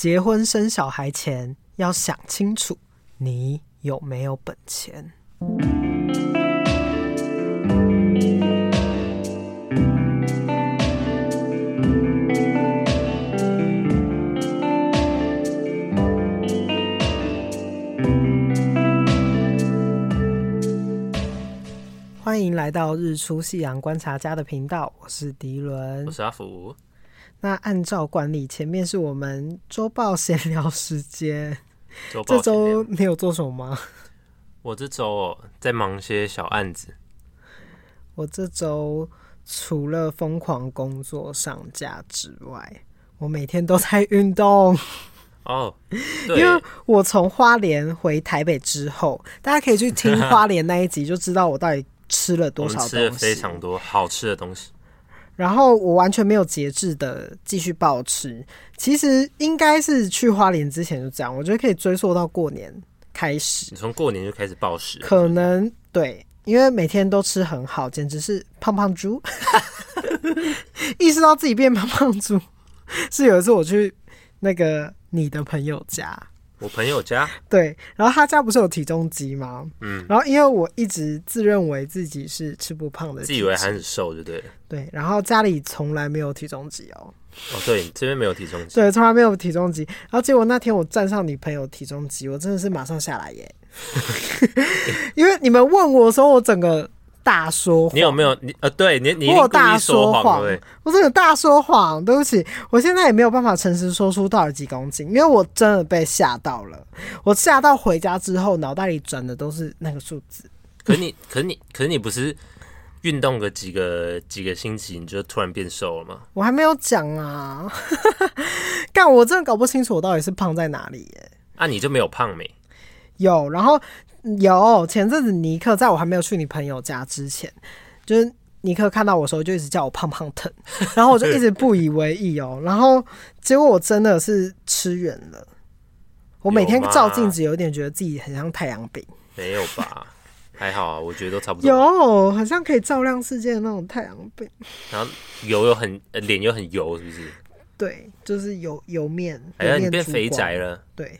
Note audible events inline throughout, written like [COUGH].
結婚生小孩前，要想清楚，你有沒有本錢？歡迎來到日出夕陽觀察家的頻道，我是迪倫，我是阿福。那按照慣例，前面是我們週報閒聊時間。週報，這週你有做什麼嗎？我這週在忙些小案子。我這週除了瘋狂工作上架之外，我每天都在運動。哦、 [LAUGHS] oh，因為我從花蓮回台北之後，大家可以去聽花蓮那一集，就知道我到底吃了多少東西， [LAUGHS] 我吃了非常多好吃的東西。然後我完全沒有節制的繼續暴吃，其實應該是去花蓮之前就這樣，我覺得可以追溯到過年開始。你從過年就開始暴食是不是？可能對，因為每天都吃很好，簡直是胖胖豬。 [LAUGHS] 意識到自己變胖胖豬是有一次我去那個你的朋友家。我朋友家對，然後他家不是有體重機嗎？嗯，然後因為我一直自認為自己是吃不胖的，自以為還很瘦就對對，然後家裡從來沒有體重機哦、喔。哦，對，這邊沒有體重機，對，從來沒有體重機。然後結果那天我站上你朋友體重機，我真的是馬上下來耶， [LAUGHS] [LAUGHS] 因為你們問我說我整個。大說謊，你有沒有？你呃，對你你，我有大說謊，我真的大說謊。對不起，我現在也沒有辦法誠實說出到底幾公斤，因為我真的被嚇到了。我嚇到回家之後，腦袋裡轉的都是那個數字。可你，可你，可是你不是運動個幾個幾個星期，你就突然變瘦了嗎？我還沒有講啊。但我真的搞不清楚我到底是胖在哪裡欸。啊，你就沒有胖沒？有然後。有前陣子尼克在我還沒有去你朋友家之前，就是尼克看到我的時候就一直叫我胖胖疼，然後我就一直不以為意哦， [LAUGHS] 然後結果我真的是吃圓了，我每天照鏡子有點覺得自己很像太陽餅，有 [LAUGHS] 沒有吧？還好啊，我覺得都差不多，有好像可以照亮世界的那種太陽餅，然後油又很，呃、臉又很油是不是？對，就是油油麵，油麵、哎呀，你變肥宅了，對。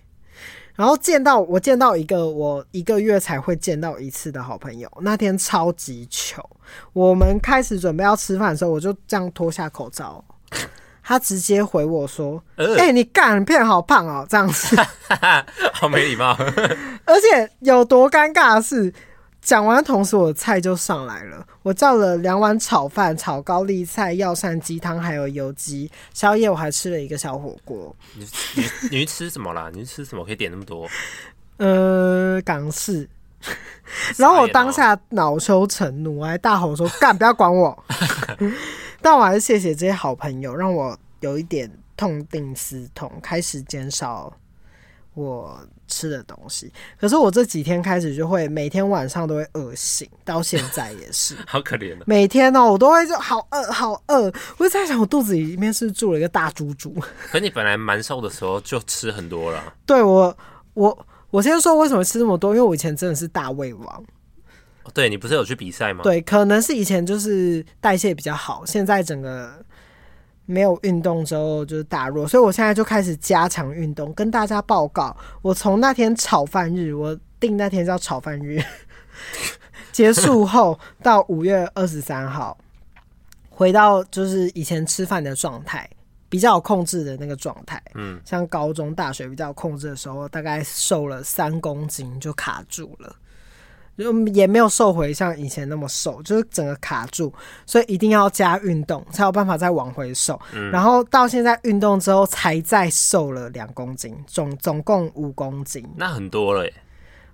然後見到我見到一個我一個月才會見到一次的好朋友，那天超級糗。我們開始準備要吃飯的時候，我就這樣脫下口罩， [LAUGHS] 他直接回我說：“哎、呃欸，你幹？變好胖哦，這樣子， [LAUGHS] [LAUGHS] 好沒禮禮貌。 [LAUGHS] ”而且有多尷尬的是。講完，同時我的菜就上來了。我叫了兩碗炒飯、炒高麗菜、藥膳雞湯，還有油雞，宵夜我還吃了一個小火鍋。你你你吃什麼啦？ [LAUGHS] 你吃什麼可以點那麼多？呃，港式。 [LAUGHS] 然後我當下惱羞成怒，我還大吼說：“幹，不要管我！” [LAUGHS] [LAUGHS] 但我還是謝謝這些好朋友，讓我有一點痛定思痛，開始減少。我吃的東西，可是我這幾天開始就會每天晚上都會噁心，到現在也是， [LAUGHS] 好可憐、啊、每天哦、喔，我都會就好餓，好餓。我就在想，我肚子裡面是，是住了一個大豬豬。可你本來蠻瘦的時候就吃很多了。 [LAUGHS] 對我，我，我先說為什麼吃那麼多，因為我以前真的是大胃王。對，你不是有去比賽嗎？對，可能是以前就是代謝比較好，現在整個。沒有運動之後就是大弱，所以我現在就開始加強運動，跟大家報告。我從那天炒飯日，我定那天叫炒飯日 [LAUGHS] 結束後，到五月二十三號， [LAUGHS] 回到就是以前吃飯的狀態，比較控制的那個狀態。嗯，像高中、大學比較控制的時候，大概瘦了三公斤就卡住了。就也沒有瘦回像以前那麼瘦，就是整個卡住，所以一定要加運動才有辦法再往回瘦，嗯。然後到現在運動之後才再瘦了兩公斤，總總共五公斤。那很多了，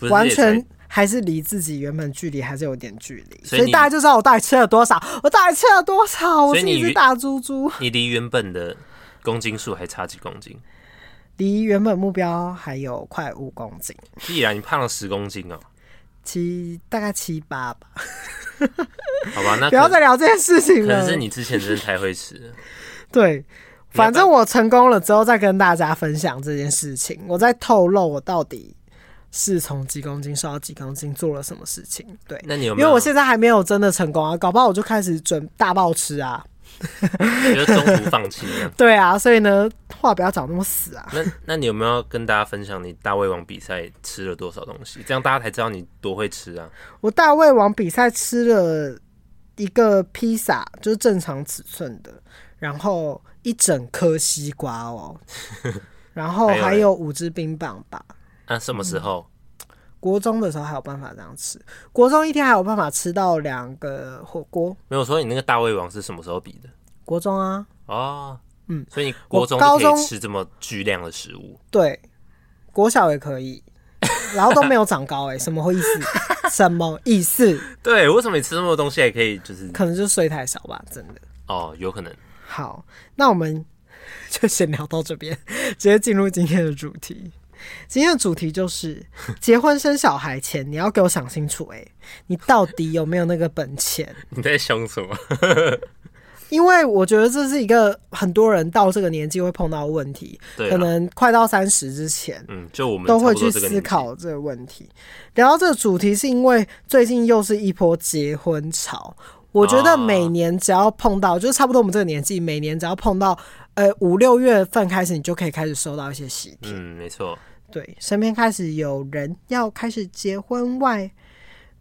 完全還是離自己原本距離還是有點距離。所以，所以大家就知道我到底吃了多少，我到底吃了多少，我是一只大豬豬。你離原本的公斤數還差幾公斤？離原本目標還有快五公斤。既然你胖了十公斤哦。七，大概七八吧， [LAUGHS] 好吧，那不要再聊這件事情了。可能是你之前真的太會吃了， [LAUGHS] 對，反正我成功了之後再跟大家分享這件事情，我再透露我到底是從幾公斤瘦到幾公斤，做了什麼事情。對，那你有沒有，因為我現在還沒有真的成功啊，搞不好我就開始準大爆吃啊。你 [LAUGHS] 就中途放棄了，對啊，所以呢，話不要講那麼死啊。 [LAUGHS] 那那你有沒有跟大家分享你大胃王比賽吃了多少東西？這樣大家才知道你多會吃啊。我大胃王比賽吃了一個披薩，就是正常尺寸的，然後一整顆西瓜哦 [LAUGHS] 然後還有五支冰棒吧。那、啊、什麼時候？嗯國中的時候還有辦法這樣吃，國中一天還有辦法吃到兩個火鍋。沒有說，你那個大胃王是什麼時候比的？國中啊。哦，嗯，所以你國中、高中可以吃這麼巨量的食物，對，國小也可以， [LAUGHS] 然後都沒有長高哎、欸，什麼意思？ [LAUGHS] 什麼意思？對，為什麼你吃那麼多東西還可以？就是可能就睡太少吧，真的。哦，有可能。好，那我們就先聊到這邊，直接進入今天的主題。今天的主題就是結婚生小孩前，你要給我想清楚哎、欸，你到底有沒有那個本錢？你在想什麼？因為我覺得這是一個很多人到這個年紀會碰到的問題，可能快到三十之前，嗯，就我們都會去思考這個問題。然後這個主題是因為最近又是一波結婚潮，我覺得每年只要碰到，就是差不多我們這個年紀，每年只要碰到呃，呃，五六月份開始，你就可以開始收到一些喜帖。嗯，沒錯。對，身邊開始有人要開始結婚外，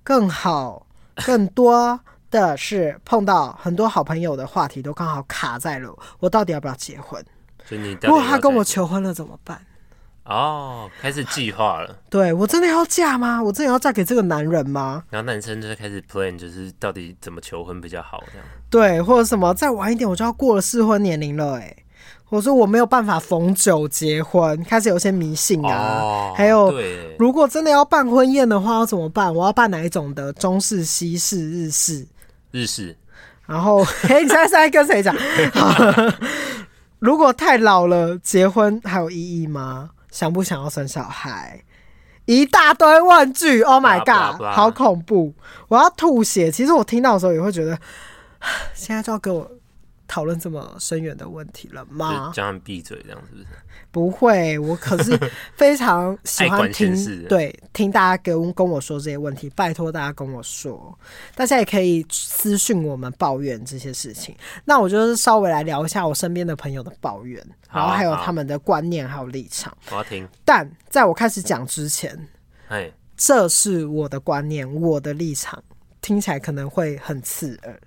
更好更多的是碰到很多好朋友的話題都剛好卡在了我，我到底要不要結婚？就你到底要結，如果他跟我求婚了怎麼辦？哦，開始計劃了。 [LAUGHS] 對，我真的要嫁嗎？我真的要嫁給這個男人嗎？然後男生就開始 plan，就是到底怎麼求婚比較好這樣？對，或者什麼再晚一點我就要過了適婚年齡了哎、欸。我說我沒有辦法逢九結婚，開始有些迷信啊。Oh, 還有對，如果真的要辦婚宴的話，要怎麼辦？我要辦哪一種的？中式、西式、日式？日式。然後， [LAUGHS] 嘿你現在在跟誰講？ [LAUGHS] [LAUGHS] [LAUGHS] 如果太老了，結婚還有意義嗎？想不想要生小孩？一大堆問句，Oh my god，blah blah blah. 好恐怖！我要吐血。其實我聽到的時候也會覺得，現在就要給我討論這麼深遠的問題了嗎？叫他們閉嘴，這樣是不是？不會，我可是非常喜歡聽， [LAUGHS] 對，聽大家跟跟我說這些問題。拜託大家跟我說，大家也可以私訊我們抱怨這些事情。那我就是稍微來聊一下我身邊的朋友的抱怨，然後還有他們的觀念還有立場。我要聽。但在我開始講之前，哎，這是我的觀念，我的立場，聽起來可能會很刺耳。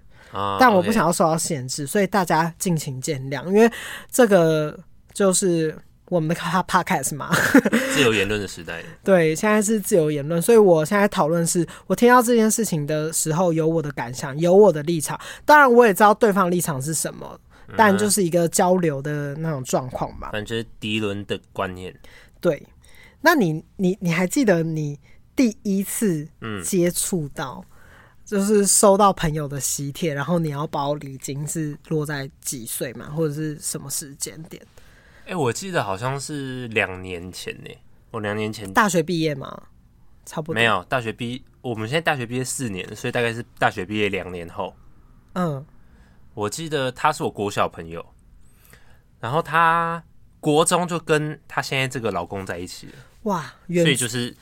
但我不想要受到限制，oh, okay. 所以大家盡情見諒，因為這個就是我們的 Podcast 嘛，自由言論的時代。 [LAUGHS] 對，現在是自由言論，所以我現在討論是我聽到這件事情的時候有我的感想，有我的立場。當然，我也知道對方的立場是什麼，但就是一個交流的那種狀況嘛。是迪倫的觀念。對，那你你你還記得你第一次接觸到？嗯就是收到朋友的喜帖，然後你要包禮金是落在幾歲嘛，或者是什麼時間點？哎、欸，我記得好像是兩年前呢、欸。我兩年前大學畢業嗎？差不多沒有大學畢業。我們現在大學畢業四年，所以大概是大學畢業兩年後。嗯，我記得他是我國小朋友，然後他國中就跟他現在這個老公在一起了。哇原，所以就是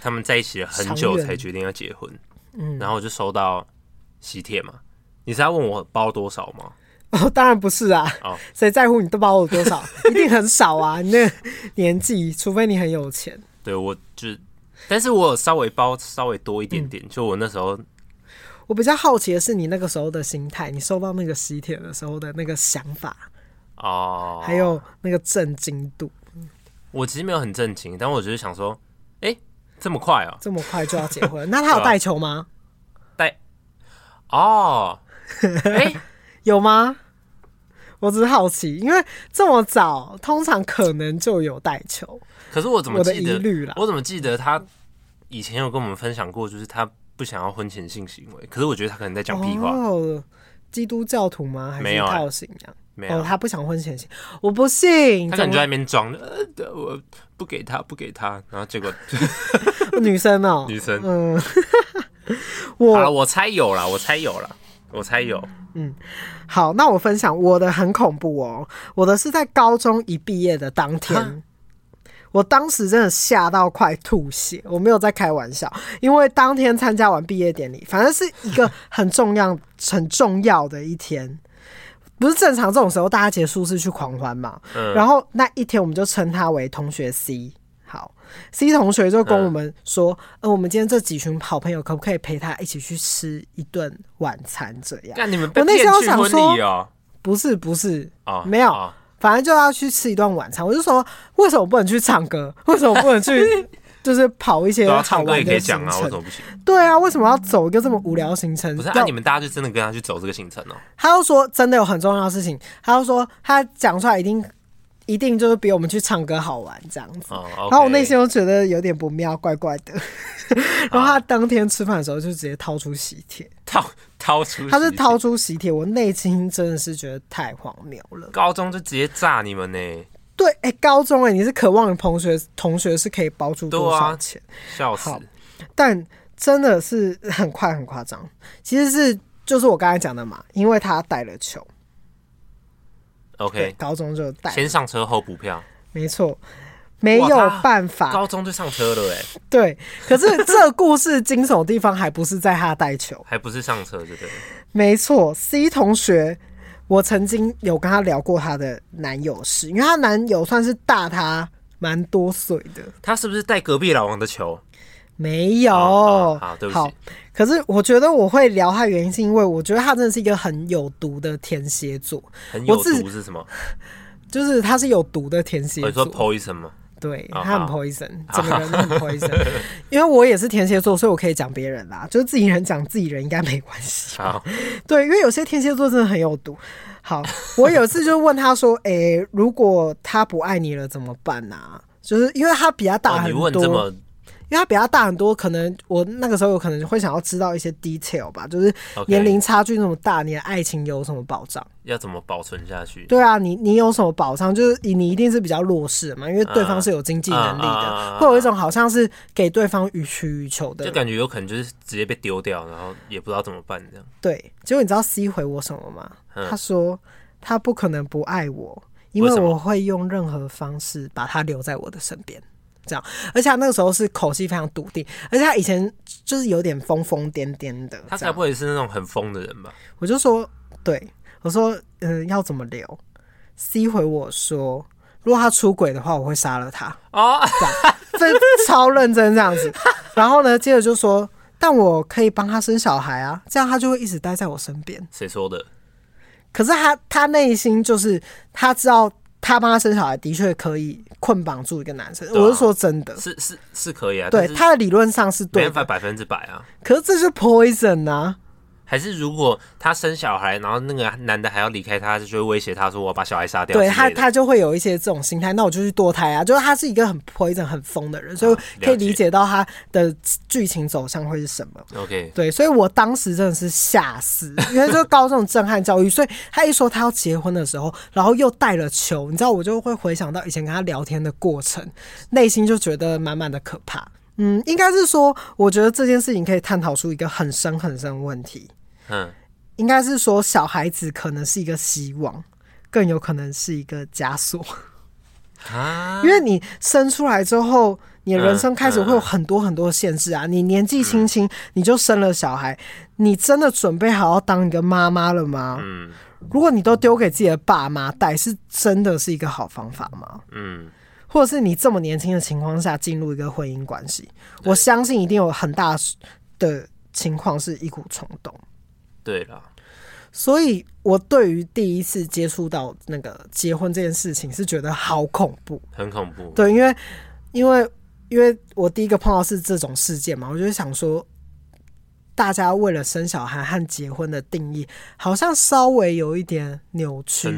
他們在一起了很久，才決定要結婚。嗯，然後我就收到喜帖嘛，你是要問我包多少嗎？哦，當然不是啊，哦，誰在乎你都包我多少， [LAUGHS] 一定很少啊，你那年紀，除非你很有錢。對，我就，但是我有稍微包稍微多一點點、嗯，就我那時候，我比較好奇的是你那個時候的心態，你收到那個喜帖的時候的那個想法哦，還有那個震驚度。我其實沒有很震驚，但我只是想說，哎、欸。這麼快啊！ [LAUGHS] 這麼快就要結婚？那他有帶球嗎？帶、呃、哦，哎、 [LAUGHS] 欸，有嗎？我只是好奇，因為這麼早，通常可能就有帶球。可是我怎麼記得我？我怎麼記得他以前有跟我們分享過，就是他不想要婚前性行為。可是我覺得他可能在講屁話、哦。基督教徒嗎？還是套信仰、啊沒有、哦，他不想婚前，我不信。他可能就在那邊裝的，我不給他，不給他，然後結果 [LAUGHS] 女生哦，女生，嗯， [LAUGHS] 我，我猜有了，我猜有了，我猜有。嗯，好，那我分享我的很恐怖哦，我的是在高中一畢業的當天，我當時真的嚇到快吐血，我沒有在開玩笑，因為當天參加完畢業典禮，反正是一個很重要、 [LAUGHS] 很重要的一天。不是正常這種時候，大家結束是去狂歡嘛、嗯？然後那一天我們就稱他為同學 C 好。好，C 同學就跟我們說、嗯：“呃，我們今天這幾群好朋友，可不可以陪他一起去吃一頓晚餐？”這樣。那你們去、哦、我那時候想說，不是不是啊、哦，沒有、哦，反正就要去吃一頓晚餐。我就說，為什麼不能去唱歌？為什麼不能去？ [LAUGHS] 就是跑一些唱歌也可以講啊，我怎麼不行？對啊，為什麼要走一個這麼無聊的行程、嗯？不是，那你們大家就真的跟他去走這個行程哦、喔？他就說真的有很重要的事情，他就說他講出來一定一定就是比我們去唱歌好玩這樣子。哦 okay、然後我內心就覺得有點不妙，怪怪的。啊、 [LAUGHS] 然後他當天吃飯的時候就直接掏出喜帖，掏掏出席，他是掏出喜帖。我內心真的是覺得太荒謬了，高中就直接炸你們呢、欸。對，哎、欸，高中哎、欸，你是渴望同學同學是可以包住多少錢？啊、笑死！但真的是很快很誇張，其實是就是我剛才講的嘛，因為他帶了球。OK，對，高中就帶，先上車後補票。沒錯，沒有辦法，高中就上車了哎。對，可是這故事驚悚的地方還不是在他帶球，還不是上車這個。沒錯，C 同學。我曾經有跟她聊過她的男友事，因為她男友算是大她蠻多歲的。他是不是帶隔壁老王的球？沒有，哦哦、好、哦對不起，可是我覺得我會聊他原因是因為我覺得他真的是一個很有毒的天蠍座。很有毒是什麼？是就是他是有毒的天蠍座。哦、你說剖一聲嗎？對 oh, oh. 他很 poison，oh, oh. 整個人都很 poison、oh,。Oh. 因為我也是天蠍座，所以我可以講別人啦，就是自己人講自己人應該沒關係。Oh. [LAUGHS] 對，因為有些天蠍座真的很有毒。好，我有一次就問他說：“誒、 [LAUGHS] 欸，如果他不愛你了怎麼辦呢、啊？”就是因為他比他大很多。哦因為他比他大很多，可能我那個時候有可能會想要知道一些 detail 吧，就是年齡差距那麼大，okay, 你的愛情有什麼保障？要怎麼保存下去？對啊，你你有什麼保障？就是你你一定是比較弱勢嘛，因為對方是有經濟能力的、啊啊啊啊，會有一種好像是給對方予取予求的，就感覺有可能就是直接被丟掉，然後也不知道怎麼辦這樣。對，結果你知道 C 回我什麼嗎？嗯、他說他不可能不愛我，因為我會用任何方式把他留在我的身邊。這樣，而且他那個時候是口氣非常篤定，而且他以前就是有點瘋瘋癲癲的。他才不會是那種很瘋的人吧？我就說，對，我說，嗯、呃，要怎麼留？C 回我說，如果他出軌的話，我會殺了他。哦、oh，真 [LAUGHS] 超認真這樣子。然後呢，接着就說，但我可以幫他生小孩啊，這樣他就會一直待在我身邊。誰說的？可是他他內心就是他知道他幫他生小孩的確可以。捆綁住一個男生，啊、我是說真的，是是是可以啊。對，他的理論上是對的，百分之百啊。可是這是 poison 啊。還是如果他生小孩，然後那個男的還要離開她，就就會威脅她說：“我把小孩殺掉。”對，他他就會有一些這種心態。那我就去墮胎啊！就是他是一個很潑、一種很瘋的人、的人、啊，所以可以理解到他的劇情走向會是什麼。OK，對，所以我當時真的是嚇死，因為就是高中震撼教育。 [LAUGHS] 所以他一說他要結婚的時候，然後又帶了球，你知道，我就會回想到以前跟他聊天的過程，內心就覺得滿滿的可怕。嗯，應該是說，我覺得這件事情可以探討出一個很深很深的問題。嗯，應該是說，小孩子可能是一個希望，更有可能是一個枷鎖。 [LAUGHS] 因為你生出來之後，你人生開始會有很多很多的限制啊。你年紀輕輕你就生了小孩，你真的準備好要當一個媽媽了嗎？嗯，如果你都丟給自己的爸媽帶，是真的是一個好方法嗎？嗯，或者是你這麼年輕的情況下進入一個婚姻關係，我相信一定有很大的情況是一股衝動。對啦，所以我對於第一次接觸到那個結婚這件事情是覺得好恐怖，很恐怖。對，因為因為因為我第一個碰到是這種事件嘛，我就想說，大家為了生小孩和結婚的定義，好像稍微有一點扭曲。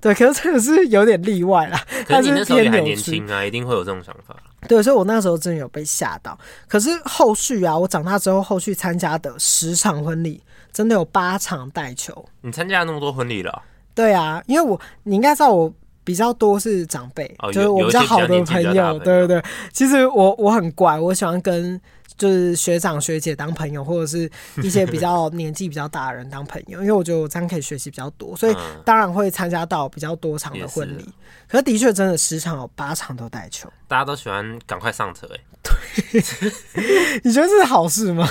對，可是這個是有點例外啦。但是你那時候還年輕啊、還年輕啊，一定會有這種想法。對，所以我那時候真的有被嚇到。可是後續啊，我長大之後，後續參加的十場婚禮。真的有八場帶球，你參加了那麼多婚禮了、哦？對啊，因為我你應該知道我比較多是長輩，就是我比較好的朋友，對對對。其實我我很乖，我喜歡跟就是學長學姐當朋友，或者是一些比較年紀比較大的人當朋友， [LAUGHS] 因為我覺得我這樣可以學習比較多，所以當然會參加到比較多場的婚禮、嗯。可是的確真的十場有八場都帶球，大家都喜歡趕快上車哎、欸。對， [LAUGHS] 你覺得這是好事嗎？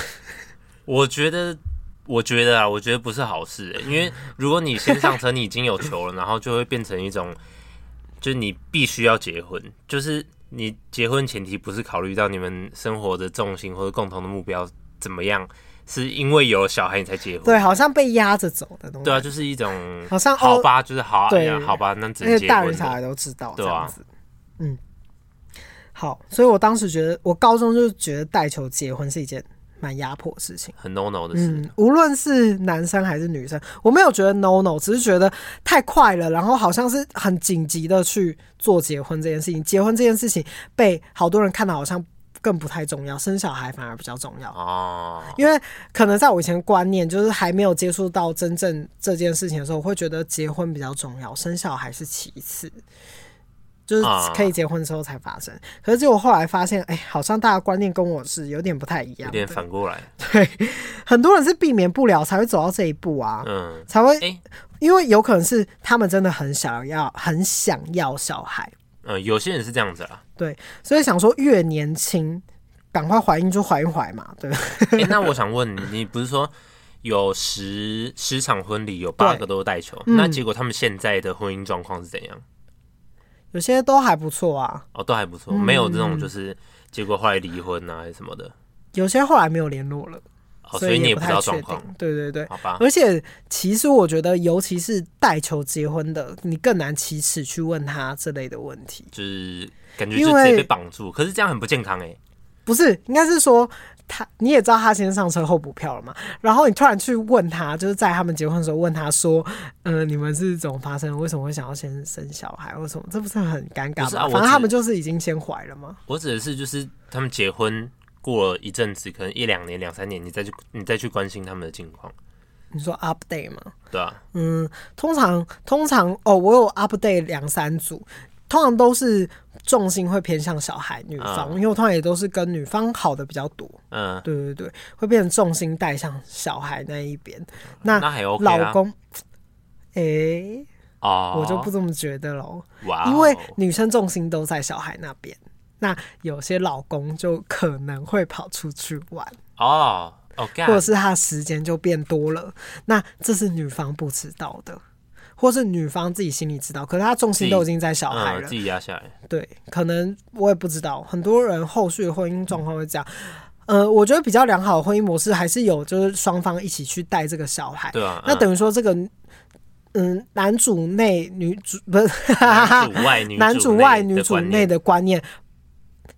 我覺得。我覺得啊，我覺得不是好事欸，因為如果你先上車，你已經有球了， [LAUGHS] 然後就會變成一種，就是你必須要結婚，就是你結婚前提不是考慮到你們生活的重心或者共同的目標怎麼樣，是因為有小孩你才結婚，對，好像被壓着走的東西，對啊，就是一種好，好像好吧，哦，就是好對，好吧，那直接。大人、那個、小孩都知道這樣子，對啊，嗯，好，所以我當時覺得，我高中就覺得帶球結婚是一件。蠻壓迫的事情，很 no no 的事情。嗯，無論是男生還是女生，我沒有覺得 no no，只是覺得太快了，然後好像是很緊急的去做結婚這件事情。結婚這件事情被好多人看到，好像更不太重要，生小孩反而比較重要。Oh. 因為可能在我以前觀念，就是還沒有接觸到真正這件事情的時候，我會覺得結婚比較重要，生小孩是其次。就是可以結婚之後才發生，啊、可是結果後來發現，哎、欸，好像大家觀念跟我是有點不太一樣，有點反過來。對，很多人是避免不了才會走到這一步啊，嗯，才會、欸，因為有可能是他們真的很想要，很想要小孩。嗯，有些人是這樣子啦，對，所以想說越年輕，趕快懷孕就懷孕懷嘛，對、欸。那我想問你，你不是說有十十場婚禮，有八個都帶球，那結果他們現在的婚姻狀況是怎樣？嗯有些都還不錯啊，哦，都還不錯，嗯，沒有這種就是結果後來離婚啊還什麼的。有些後來沒有聯絡了，哦，所以也你也不知道狀況。對對對，好吧。而且其實我覺得，尤其是帶球結婚的，你更難啟齒去問他這類的問題，就是感覺就直接被綁住，可是這樣很不健康哎，欸。不是，應該是說。他，你也知道他先上車後補票了嘛，然後你突然去問他，就是在他們結婚的時候問他說：“嗯、呃，你們是怎麼發生？為什麼會想要先生小孩？為什麼？”這不是很尷尬，啊？反正他們就是已經先懷了嗎？我指的是，就是他們結婚過了一陣子，可能一兩年、兩三年，你再去，你再去關心他們的近況。你說 update 嗎？對啊。嗯，通常，通常哦，我有 update 兩三組。通常都是重心會偏向小孩女方，uh, 因為我通常也都是跟女方好的比較多。嗯、uh,，對對對，會變成重心帶向小孩那一邊。那老公？哎、OK 啊，哦、欸，oh, 我就不這麼覺得嘍。哇、wow.，因為女生重心都在小孩那邊，那有些老公就可能會跑出去玩哦，oh, okay. 或者是他時間就變多了。那這是女方不知道的。或是女方自己心裡知道，可是她重心都已經在小孩了，自己、嗯、自己壓下來。對，可能我也不知道，很多人後續的婚姻狀況會這樣。呃，我覺得比較良好的婚姻模式還是有，就是雙方一起去帶這個小孩。對啊，那等於說這個，嗯，嗯男主內女主不是，哈哈哈，男主外女主內的觀念，觀念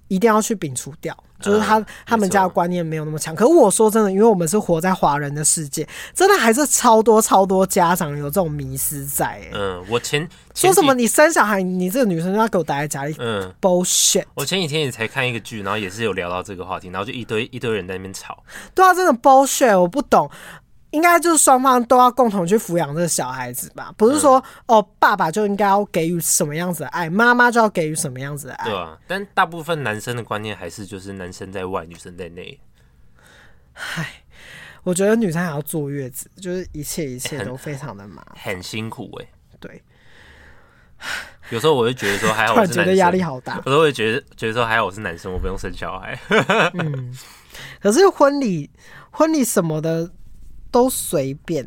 一定要去摒除掉。就是他他們家的觀念沒有那麼強、嗯，可是我說真的，因為我們是活在華人的世界，真的還是超多超多家長有這種迷失在、欸。嗯，我前，前幾說什麼你生小孩，你這個女生就要給我待在家裡。嗯，bullshit。我前幾天也才看一個劇，然後也是有聊到這個話題，然後就一堆一堆人在那邊吵。對啊，真的 bullshit 我不懂。應該就是雙方都要共同去撫養這個小孩子吧，不是說、嗯、哦，爸爸就應該要給予什麼樣子的愛，媽媽就要給予什麼樣子的愛。對啊，但大部分男生的觀念還是就是男生在外，女生在內。唉，我覺得女生還要坐月子，就是一切一切都非常的麻煩很,很辛苦哎、欸。對， [LAUGHS] 有時候我會覺得說，還好是男生 [LAUGHS] 覺得壓力好大，我都會覺得覺得說還好是男生，我不用生小孩。 [LAUGHS] 嗯，可是婚禮婚禮什麼的。都隨便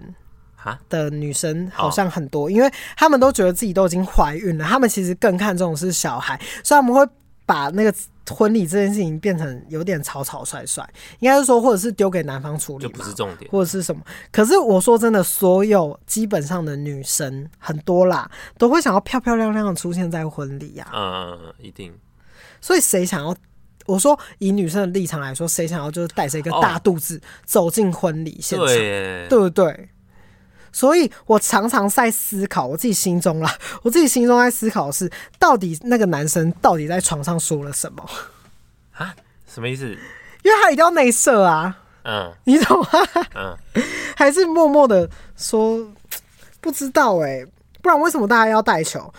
啊的女生好像很多，oh. 因為他們都覺得自己都已經懷孕了，他們其實更看重的是小孩，所以他們會把那個婚禮這件事情變成有點草草率率，應該是說或者是丟給男方處理，就不是重點，或者是什麼。可是我說真的，所有基本上的女生很多啦，都會想要漂漂亮亮的出現在婚禮呀、啊，嗯、uh，一定。所以誰想要？我說，以女生的立場來說，誰想要就是帶着一個大肚子走進婚禮現場，對，對不對？所以我常常在思考，我自己心中啦，我自己心中在思考的是，到底那個男生到底在床上說了什麼啊？什麼意思？因為他一定要內射啊，嗯，你懂嗎？嗯，還是默默的說不知道哎，欸，不然為什麼大家要帶球？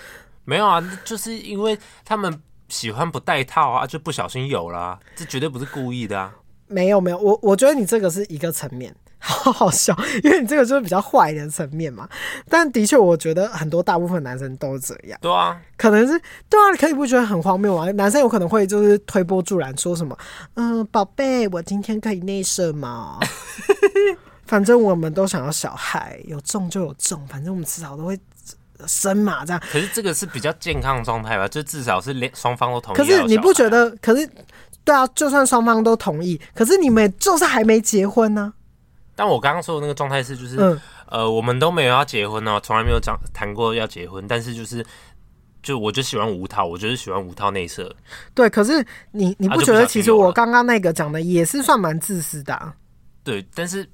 沒有啊，就是因為他們。喜歡不戴套啊，就不小心有了啊，這絕對不是故意的啊！沒有沒有，我我覺得你這個是一個層面，好好笑，因為你這個就是比較壞的層面嘛。但的確，我覺得很多大部分男生都這樣。對啊，可能是對啊，你可以不覺得很荒謬嗎？男生有可能會就是推波助瀾，說什麼嗯，寶貝，我今天可以內射嗎？ [LAUGHS] [LAUGHS] 反正我們都想要小孩，有重就有重，反正我們遲早都會。生嘛這樣，可是這個是比較健康的狀態吧？就至少是連雙方都同意。可是你不覺得？可是對啊，就算雙方都同意，可是你們就是還沒結婚呢、啊。但我剛剛說的那個狀態是，、就是，就、嗯、是呃，我們都沒有要結婚呢，從來沒有講談過要結婚。但是就是，就我就喜歡無套，我就是喜歡無套內射。對，可是你你不覺得，其實我剛剛那個講的也是算蠻自私的、啊啊？對，但是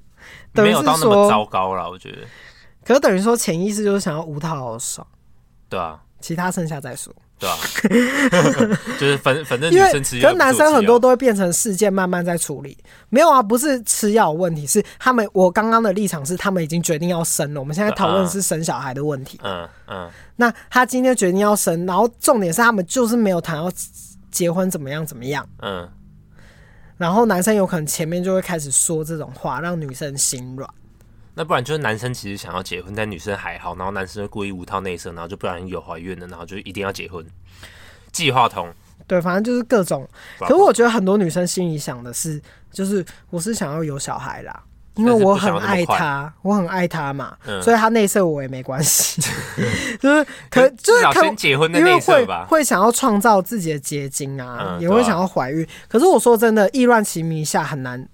沒有到那麼糟糕了，我覺得。可是等於說潛意識就是想要無套好爽，對啊，其他剩下再說，對啊， [LAUGHS] 就是反正反正女生因為跟男生很多都會變成事件慢慢在處理，沒有啊，不是吃藥問題，是他們我剛剛的立場是他們已經決定要生了，我們現在討論是生小孩的問題，嗯嗯，那他今天決定要生，然後重點是他們就是沒有談到結婚怎麼樣怎麼樣，嗯，uh，然後男生有可能前面就會開始說這種話，讓女生心軟。那不然就是男生其實想要結婚，但女生還好，然後男生故意無套內射，然後就不然有懷孕了，然後就一定要結婚，計劃通，對，反正就是各種。可是我覺得很多女生心裡想的是，就是我是想要有小孩啦，因為我很愛他，嗯、我很愛他嘛，所以他內射我也沒關係、嗯 [LAUGHS] 就是，就是可就是他結婚的內會吧，會想要創造自己的結晶啊，嗯、也會想要懷孕、啊。可是我說真的，意亂情迷一下很難。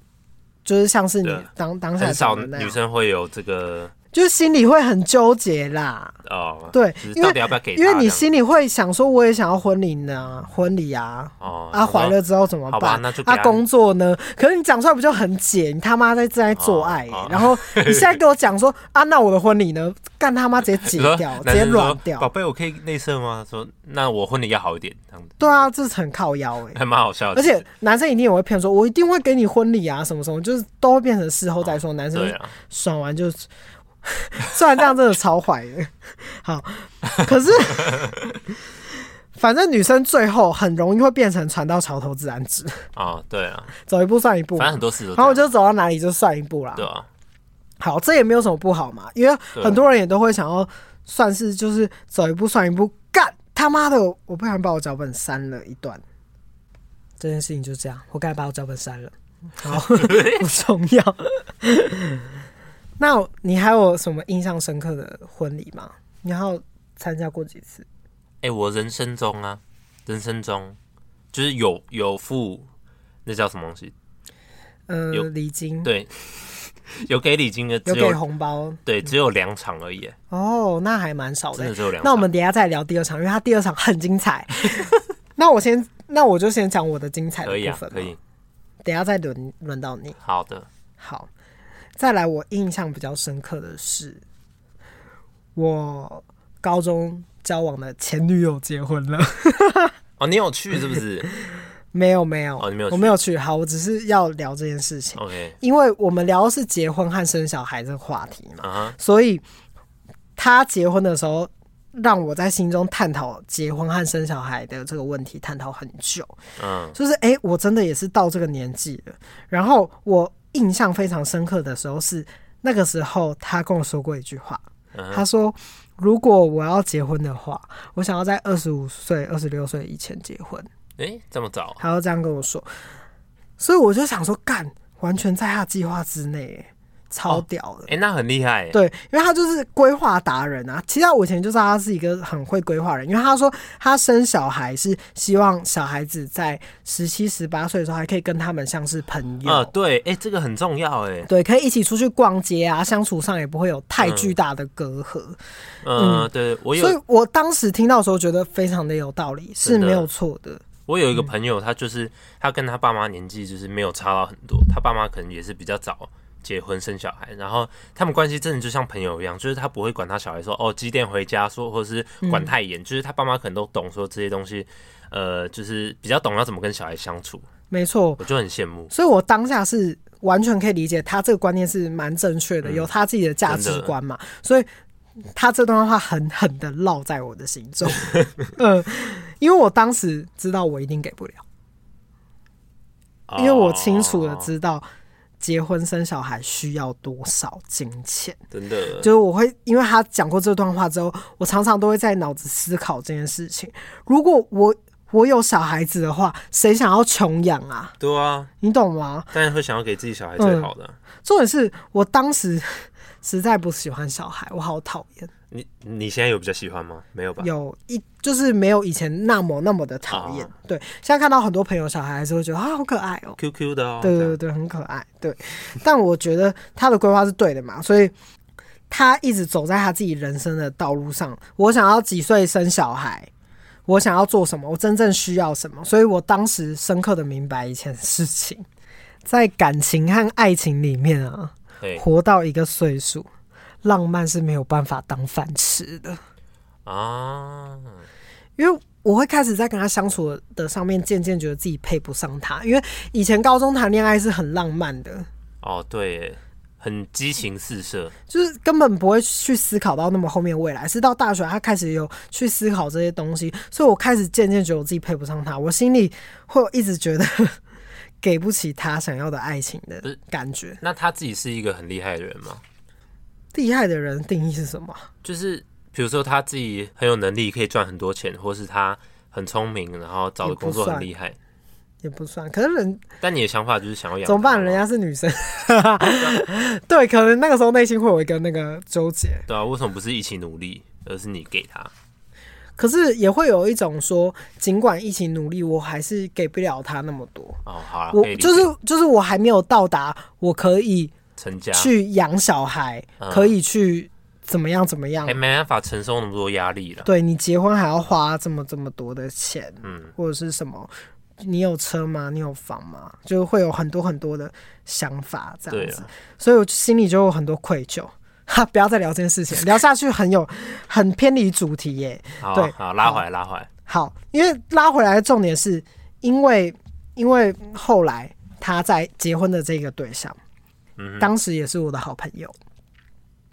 就是像是你當當很少女生會有這個。就是心裡會很糾結啦，哦，對，因為要不要給他？因為你心裡會想說，我也想要婚禮呢，啊，婚禮啊，哦，啊懷了之後怎麼辦？啊工作呢？可是你講出來不就很解？你他媽在正在做愛，欸哦哦，然後你現在給我講說 [LAUGHS] 啊，那我的婚禮呢？幹他媽直接解掉，直接軟掉，寶貝，我可以內射嗎？說那我婚禮要好一點，這樣子。對啊，這是很靠腰誒，欸，還蠻好笑的。而且男生一定也會騙說，我一定會給你婚禮啊，什麼什麼，就是都會變成事後再說。哦，男生爽完就。算量真的超壞的， [LAUGHS] 好，可是 [LAUGHS] 反正女生最後很容易會變成船到橋頭自然直啊、哦。對啊，走一步算一步，反正很多事，然後我就走到哪裡就算一步啦。對啊，好，這也沒有什麼不好嘛，因為很多人也都會想要算是就是走一步算一步，幹他媽的，我不想把我腳本刪了一段，這件事情就這樣，我剛才把我腳本刪了，好 [LAUGHS] [LAUGHS] 不重要。 [LAUGHS] [LAUGHS] 那你還有什麼印象深刻的婚禮嗎？你還有參加過幾次？哎、欸，我人生中啊，人生中就是有有付那叫什麼東西？呃，禮金。對， [LAUGHS] 有給禮金的只有，有給紅包，對，嗯、只有兩場而已。哦、oh，那還蠻少的、的，那我們等下再聊第二場，因為它第二場很精彩。 [LAUGHS] [LAUGHS] 那我先，那我就先講我的精彩的部分可，啊。可以，等下再輪輪到你。好的，好。再來，我印象比較深刻的是，我高中交往的前女友結婚了哦，是是。 [LAUGHS] 哦，你有去是不是？沒有沒有，我沒有去。好，我只是要聊這件事情。OK，因為我們聊的是結婚和生小孩這個話題嘛，uh -huh. 所以他結婚的時候，讓我在心中探討結婚和生小孩的這個問題，探討很久。嗯、uh -huh.，就是哎、欸，我真的也是到這個年紀了，然後我。印象非常深刻的時候是那個時候，他跟我說過一句話、嗯，他說：“如果我要結婚的話，我想要在二十五歲、二十六歲以前結婚。欸”哎，這麼早、啊，他要這樣跟我說，所以我就想說，幹，完全在他計劃之內。超屌的！哎、哦欸，那很厲害。對，因為他就是規劃達人啊。其實我以前就知道他是一個很會規劃人，因為他說他生小孩是希望小孩子在十七、十八歲的時候還可以跟他們像是朋友。呃、對，哎、欸，這個很重要，哎，對，可以一起出去逛街啊，相處上也不會有太巨大的隔閡。嗯，嗯、呃，對，我有。所以我當時聽到的時候覺得非常的有道理，是沒有錯的，真的。我有一個朋友，嗯、他就是他跟他爸媽年紀就是沒有差到很多，他爸媽可能也是比較早。結婚生小孩，然後他們關係真的就像朋友一樣，就是他不會管他小孩說哦幾點回家說，或是管太嚴、嗯，就是他爸媽可能都懂說這些東西，呃，就是比較懂要怎麼跟小孩相處。沒錯，我就很羨慕。所以，我當下是完全可以理解他這個觀念是蠻正確的，嗯、有他自己的價值觀嘛。所以，他這段話狠狠的烙在我的心中。 [LAUGHS] 呃，因為我當時知道我一定給不了，哦、因為我清楚的知道。結婚生小孩需要多少金錢？真的，就是我會，因為他講過這段話之後，我常常都會在腦子思考這件事情。如果我我有小孩子的話，誰想要窮養啊？對啊，你懂嗎？當然會想要給自己小孩最好的。嗯，重點是我當時實在不喜歡小孩，我好討厭。你你現在有比較喜歡嗎？沒有吧？有一就是沒有以前那麼那麼的討厭。Oh. 對，現在看到很多朋友小孩還是會覺得啊，好可愛哦、喔、，QQ 的、喔，哦，對對對，很可愛。對，但我覺得他的規劃是對的嘛， [LAUGHS] 所以他一直走在他自己人生的道路上。我想要幾歲生小孩？我想要做什麼？我真正需要什麼？所以我當時深刻的明白一件事情，在感情和愛情裡面啊，hey. 活到一個歲數。浪漫是沒有辦法當飯吃的啊，因為我會開始在跟他相處的上面，漸漸覺得自己配不上他。因為以前高中談戀愛是很浪漫的，哦，對，很激情四射，就是根本不會去思考到那麼後面未來。是到大學，他開始有去思考這些東西，所以我開始漸漸覺得我自己配不上他。我心裡會一直覺得給不起他想要的愛情的感覺。那他自己是一個很厲害的人嗎？厲害的人定義是什麼？就是比如說他自己很有能力，可以賺很多錢，或是他很聰明，然後找的工作很厲害也，也不算。可是人，但你的想法就是想要養？怎麼辦？人家是女生， [LAUGHS] [LAUGHS] [LAUGHS] [LAUGHS] 對，可能那個時候內心會有一個那個糾結。對啊，為什麼不是一起努力，而是你給他？可是也會有一種說，儘管一起努力，我還是給不了他那麼多。哦，好啊，我就是就是我還沒有到達，我可以。成家，去養小孩、嗯，可以去怎麼樣怎麼樣？欸、沒辦法承受那麼多壓力了。對，你結婚還要花這麼這麼多的錢，嗯，或者是什麼？你有車嗎？你有房嗎？就會有很多很多的想法這樣子，所以我心裡就有很多愧疚。哈，哈，不要再聊這件事情，聊下去很有 [LAUGHS] 很偏離主題耶。啊、對，好，好，拉回來，拉回來。好，因為拉回來的重點是，因為因為後來他在結婚的這個對象當時也是我的好朋友，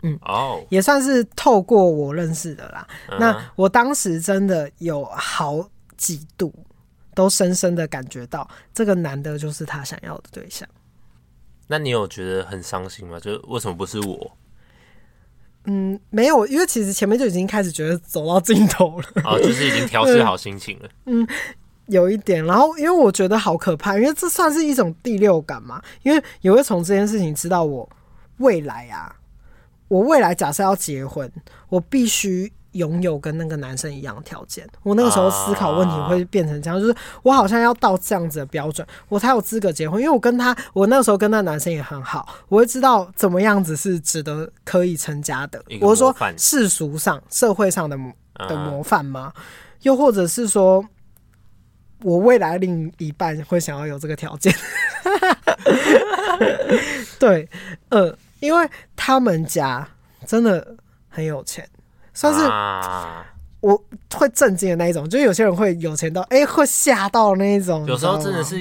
嗯，哦，也算是透過我認識的啦。Uh-huh. 那我當時真的有好幾度都深深的感覺到，這個男的就是他想要的對象。那你有覺得很傷心嗎？就為什麼不是我？嗯，沒有，因為其實前面就已經開始覺得走到盡頭了。啊，就是已經調適好心情了。 [LAUGHS] 嗯。有一點，然後因為我覺得好可怕，因為這算是一種第六感嘛，因為也會從這件事情知道我未來啊，我未來假設要結婚，我必須擁有跟那個男生一樣條件。我那個時候思考問題會變成這樣，啊、就是我好像要到這樣子的標準，我才有資格結婚。因為我跟他，我那個時候跟那男生也很好，我會知道怎麼樣子是值得可以成家的。我是說世俗上社會上的的模範嗎、啊？又或者是說，我未來另一半會想要有這個條件 [LAUGHS] [LAUGHS] 對，呃、嗯、因為他們家真的很有錢，算是我會震驚的那一種。啊、就有些人會有錢到，哎、欸，會嚇到那一種。有時候真的是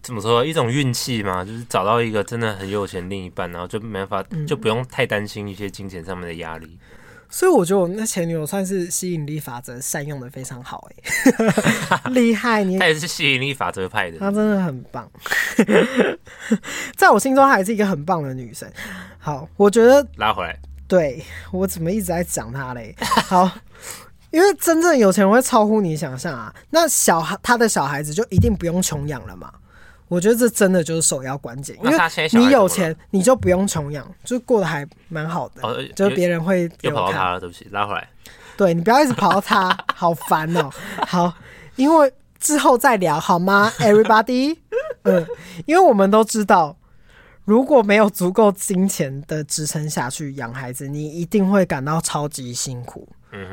怎麼說，一種運氣嘛，就是找到一個真的很有錢另一半，然後就沒法，就不用太擔心一些金錢上面的壓力。嗯所以我覺得我那前女友算是，吸引力法則善用的非常好，誒，厲害！你他也是吸引力法則派的她真的很棒， [LAUGHS] 在我心中她還是一個很棒的女生。好，我覺得拉回來，對我怎麼一直在講她嘞？好，因為真正有錢人會超乎你想象啊！那小孩他的小孩子就一定不用窮養了嘛？我覺得這真的就是首要關鍵，因為你有錢，你就不用窮養，就過得還蠻好的，哦、就是別人會給看。又跑到他了，對不起，拉回來。對，你不要一直跑到他，好煩哦、喔。 [LAUGHS] 好，因為之後再聊好嗎？Everybody，嗯，因為我們都知道，如果沒有足夠金錢的支撐下去養孩子，你一定會感到超級辛苦。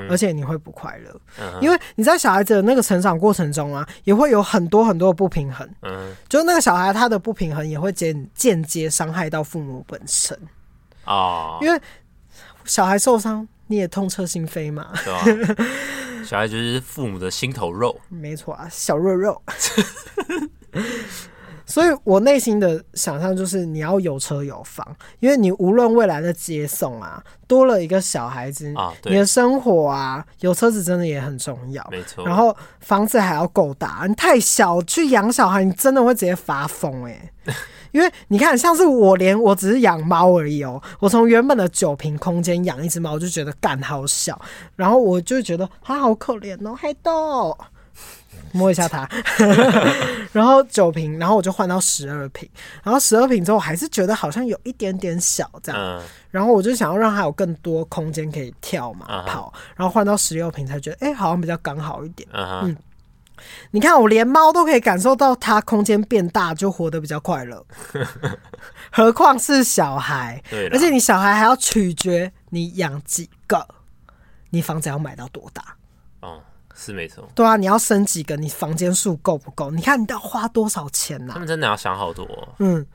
而且你會不快樂、嗯，因為你在小孩子的那個成長過程中啊，嗯、也會有很多很多的不平衡。嗯，就那個小孩他的不平衡，也會間間接傷害到父母本身。哦，因為小孩受傷，你也痛徹心扉嘛。啊、 [LAUGHS] 小孩就是父母的心頭肉，沒錯啊，小肉肉。 [LAUGHS] 所以，我內心的想象就是你要有車有房，因為你無論未來的接送啊，多了一個小孩子、啊，你的生活啊，有車子真的也很重要，沒錯。然後房子還要夠大，你太小去養小孩，你真的會直接發瘋哎、欸。 [LAUGHS] 因為你看，像是我，連我只是養貓而已哦，我從原本的九坪空間養一隻貓，就覺得幹好小，然後我就覺得它好可憐哦，黑豆。摸一下它 [LAUGHS] [LAUGHS] 然後九瓶，然後我就換到十二瓶，然後十二瓶之後我還是覺得好像有一點點小這樣，然後我就想要讓它有更多空間可以跳嘛跑，然後換到十六瓶才覺得哎、欸、好像比較剛好一點。嗯，你看我連貓都可以感受到它空間變大就活得比較快樂，何況是小孩，而且你小孩還要取決你養幾個，你房子要買到多大，是沒錯，對啊，你要生幾個？你房間數夠不夠？你看你都要花多少錢呢、啊？他們真的要想好多、啊。嗯，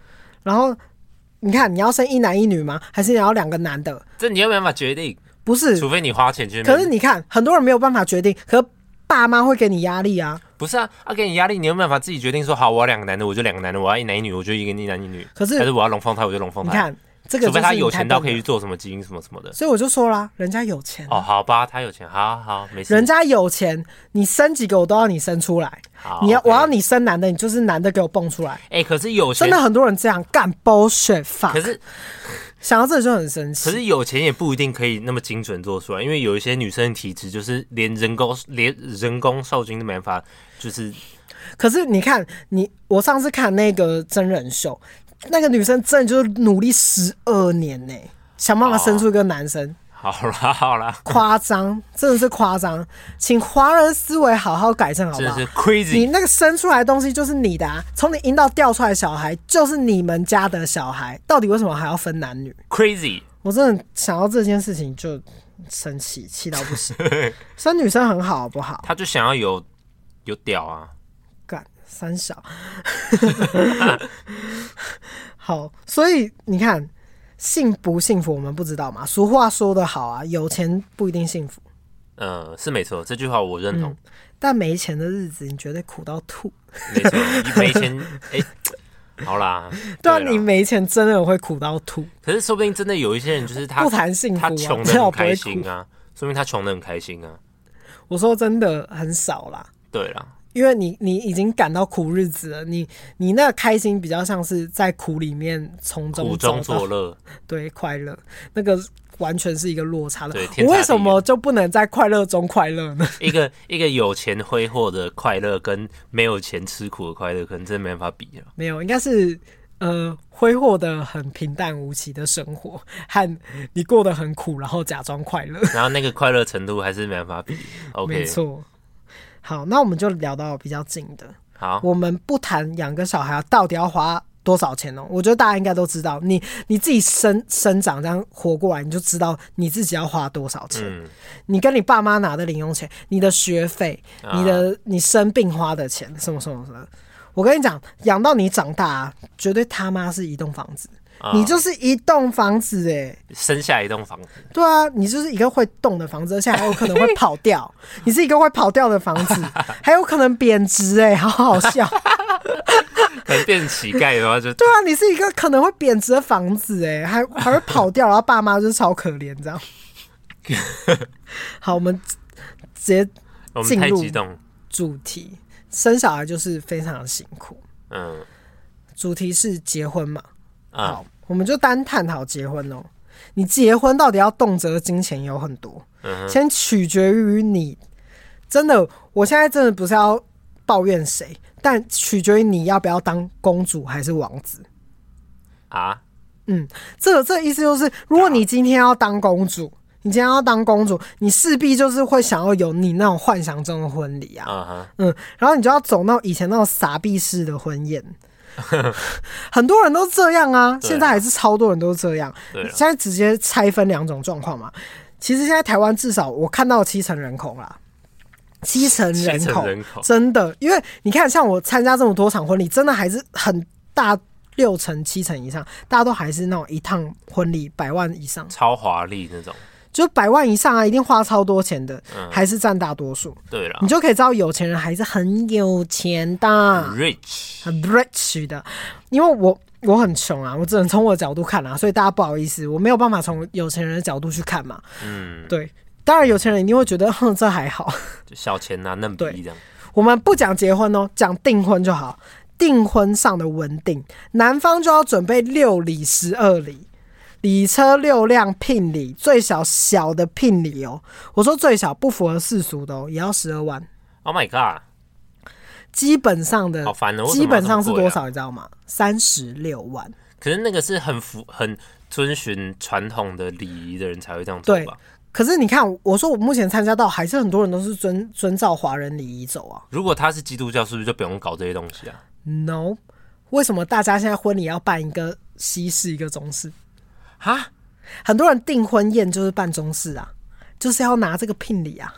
然後你看你要生一男一女嗎？還是你要兩個男的？這你又沒辦法決定，不是？除非你花錢。可是你看，很多人沒有辦法決定，可是爸媽會給你壓力啊。不是啊，他、啊、給你壓力，你有辦法自己決定說。說好，我要兩個男的，我就兩個男的；我要一男一女，我就一個一男一女。可是，可是我要龍鳳胎，我就龍鳳胎。這個、除非他有錢到可以去做什麼基因什麼什麼的，所以我就說啦，人家有錢、啊、哦，好吧，他有錢，好好好，沒事。人家有錢，你生幾個我都要你生出來，你要、OK、我要你生男的，你就是男的給我蹦出來。哎、欸，可是有錢真的很多人這樣幹 bullshit 法，可是想到這裡就很生氣。可是有錢也不一定可以那麼精準做出來，因為有一些女生體質就是連人工連人工受精都沒辦法，就是。可是你看，你我上次看那個真人秀。那個女生真的就是努力十二年呢、欸，想辦法生出一個男生。Oh. 好了好了，誇 [LAUGHS] 張，真的是誇張。請華人思維好好改正好不好？你那個生出來的東西就是你的、啊，從你陰道掉出來的小孩就是你們家的小孩，到底為什麼還要分男女？crazy，我真的想到這件事情就生氣，氣到不行。生 [LAUGHS] 女生很好，好不好？他就想要有有屌啊。三小， [LAUGHS] 好，所以你看，幸不幸福，我們不知道嘛。俗話說得好啊，有錢不一定幸福。呃，是沒錯，這句話我認同。嗯、但沒錢的日子，你絕對苦到吐。沒錯，你沒錢，哎、 [LAUGHS] 欸，好啦。對啊，對你沒錢，真的會苦到吐。可是說不定真的有一些人，就是他不談幸福、啊，他窮的很開心啊，我不說不定他窮的很開心啊。我說真的很少啦。對啦。因為你你已經感到苦日子了，你你那個開心比較像是在苦裡面從中苦中作樂，對，快樂那個完全是一個落差的對。我為什麼就不能在快樂中快樂呢？一個一個有錢揮霍的快樂，跟沒有錢吃苦的快樂，可能真的沒法比了。沒有，應該是呃揮霍的很平淡無奇的生活，和你過得很苦，然後假裝快樂，然後那個快樂程度還是沒辦法比。 [LAUGHS] OK，沒錯。好，那我們就聊到比較近的。好，我們不談養個小孩到底要花多少錢哦、喔。我覺得大家應該都知道，你你自己生生長這樣活過來，你就知道你自己要花多少錢。嗯、你跟你爸媽拿的零用錢，你的學費、啊，你的你生病花的錢，什麼什麼什麼。我跟你講，養到你長大，絕對他媽是一棟房子。你就是一棟房子。哎、欸，生下一棟房子，對啊，你就是一個會動的房子，而且還有可能會跑掉。 [LAUGHS] 你是一個會跑掉的房子，還有可能貶值哎、欸，好好笑。 [LAUGHS] 可能變乞丐的話就對啊，你是一個可能會貶值的房子哎、欸，還還會跑掉，然後爸媽就是超可憐這樣。好，我們直接進入主題，生小孩就是非常的辛苦。嗯，主題是結婚嘛，好。嗯我們就單探討結婚哦、喔。你結婚到底要動輒金錢有很多，先取決於你。真的，我現在真的不是要抱怨誰，但取決於你要不要當公主還是王子啊？嗯，這這個意思就是，如果你今天要當公主，你今天要當公主，你勢必就是會想要有你那種幻想中的婚禮啊。嗯，然後你就要走那種以前那種傻逼式的婚宴。 [LAUGHS] 很多人都這樣啊，現在還是超多人都這樣。現在直接拆分兩種狀況嘛。其實現在台灣至少我看到七成人口啦，七成人口，七成人口真的，因為你看，像我參加這麼多場婚禮，真的還是很大六成七成以上，大家都還是那種一趟婚禮百萬以上，超華麗那種。就百萬以上啊，一定花超多錢的，嗯，還是占大多數。對了，你就可以知道有錢人還是很有錢的，很 rich，很 rich 的。因為我我很窮啊，我只能從我的角度看啊，所以大家不好意思，我沒有辦法從有錢人的角度去看嘛。嗯，對，當然有錢人一定會覺得，哼，這還好，就小錢拿那麼低這樣。我們不講結婚哦，講訂婚就好。訂婚上的穩定，男方就要準備六禮十二禮。禮車六輛，聘禮最小小的聘禮哦。我說最小不符合世俗的哦，也要十二萬。Oh my god！基本上的好煩哦。基本上是多少？你知道嗎？三十六萬。可是那個是很符、很遵循傳統的禮儀的人才會這樣做。對吧？可是你看，我說我目前參加到還是很多人都是遵遵照華人禮儀走啊。如果他是基督教，是不是就不用搞這些東西啊？No！為什麼大家現在婚禮要辦一個西式一個中式？啊，很多人訂婚宴就是辦中式啊，就是要拿這個聘禮啊，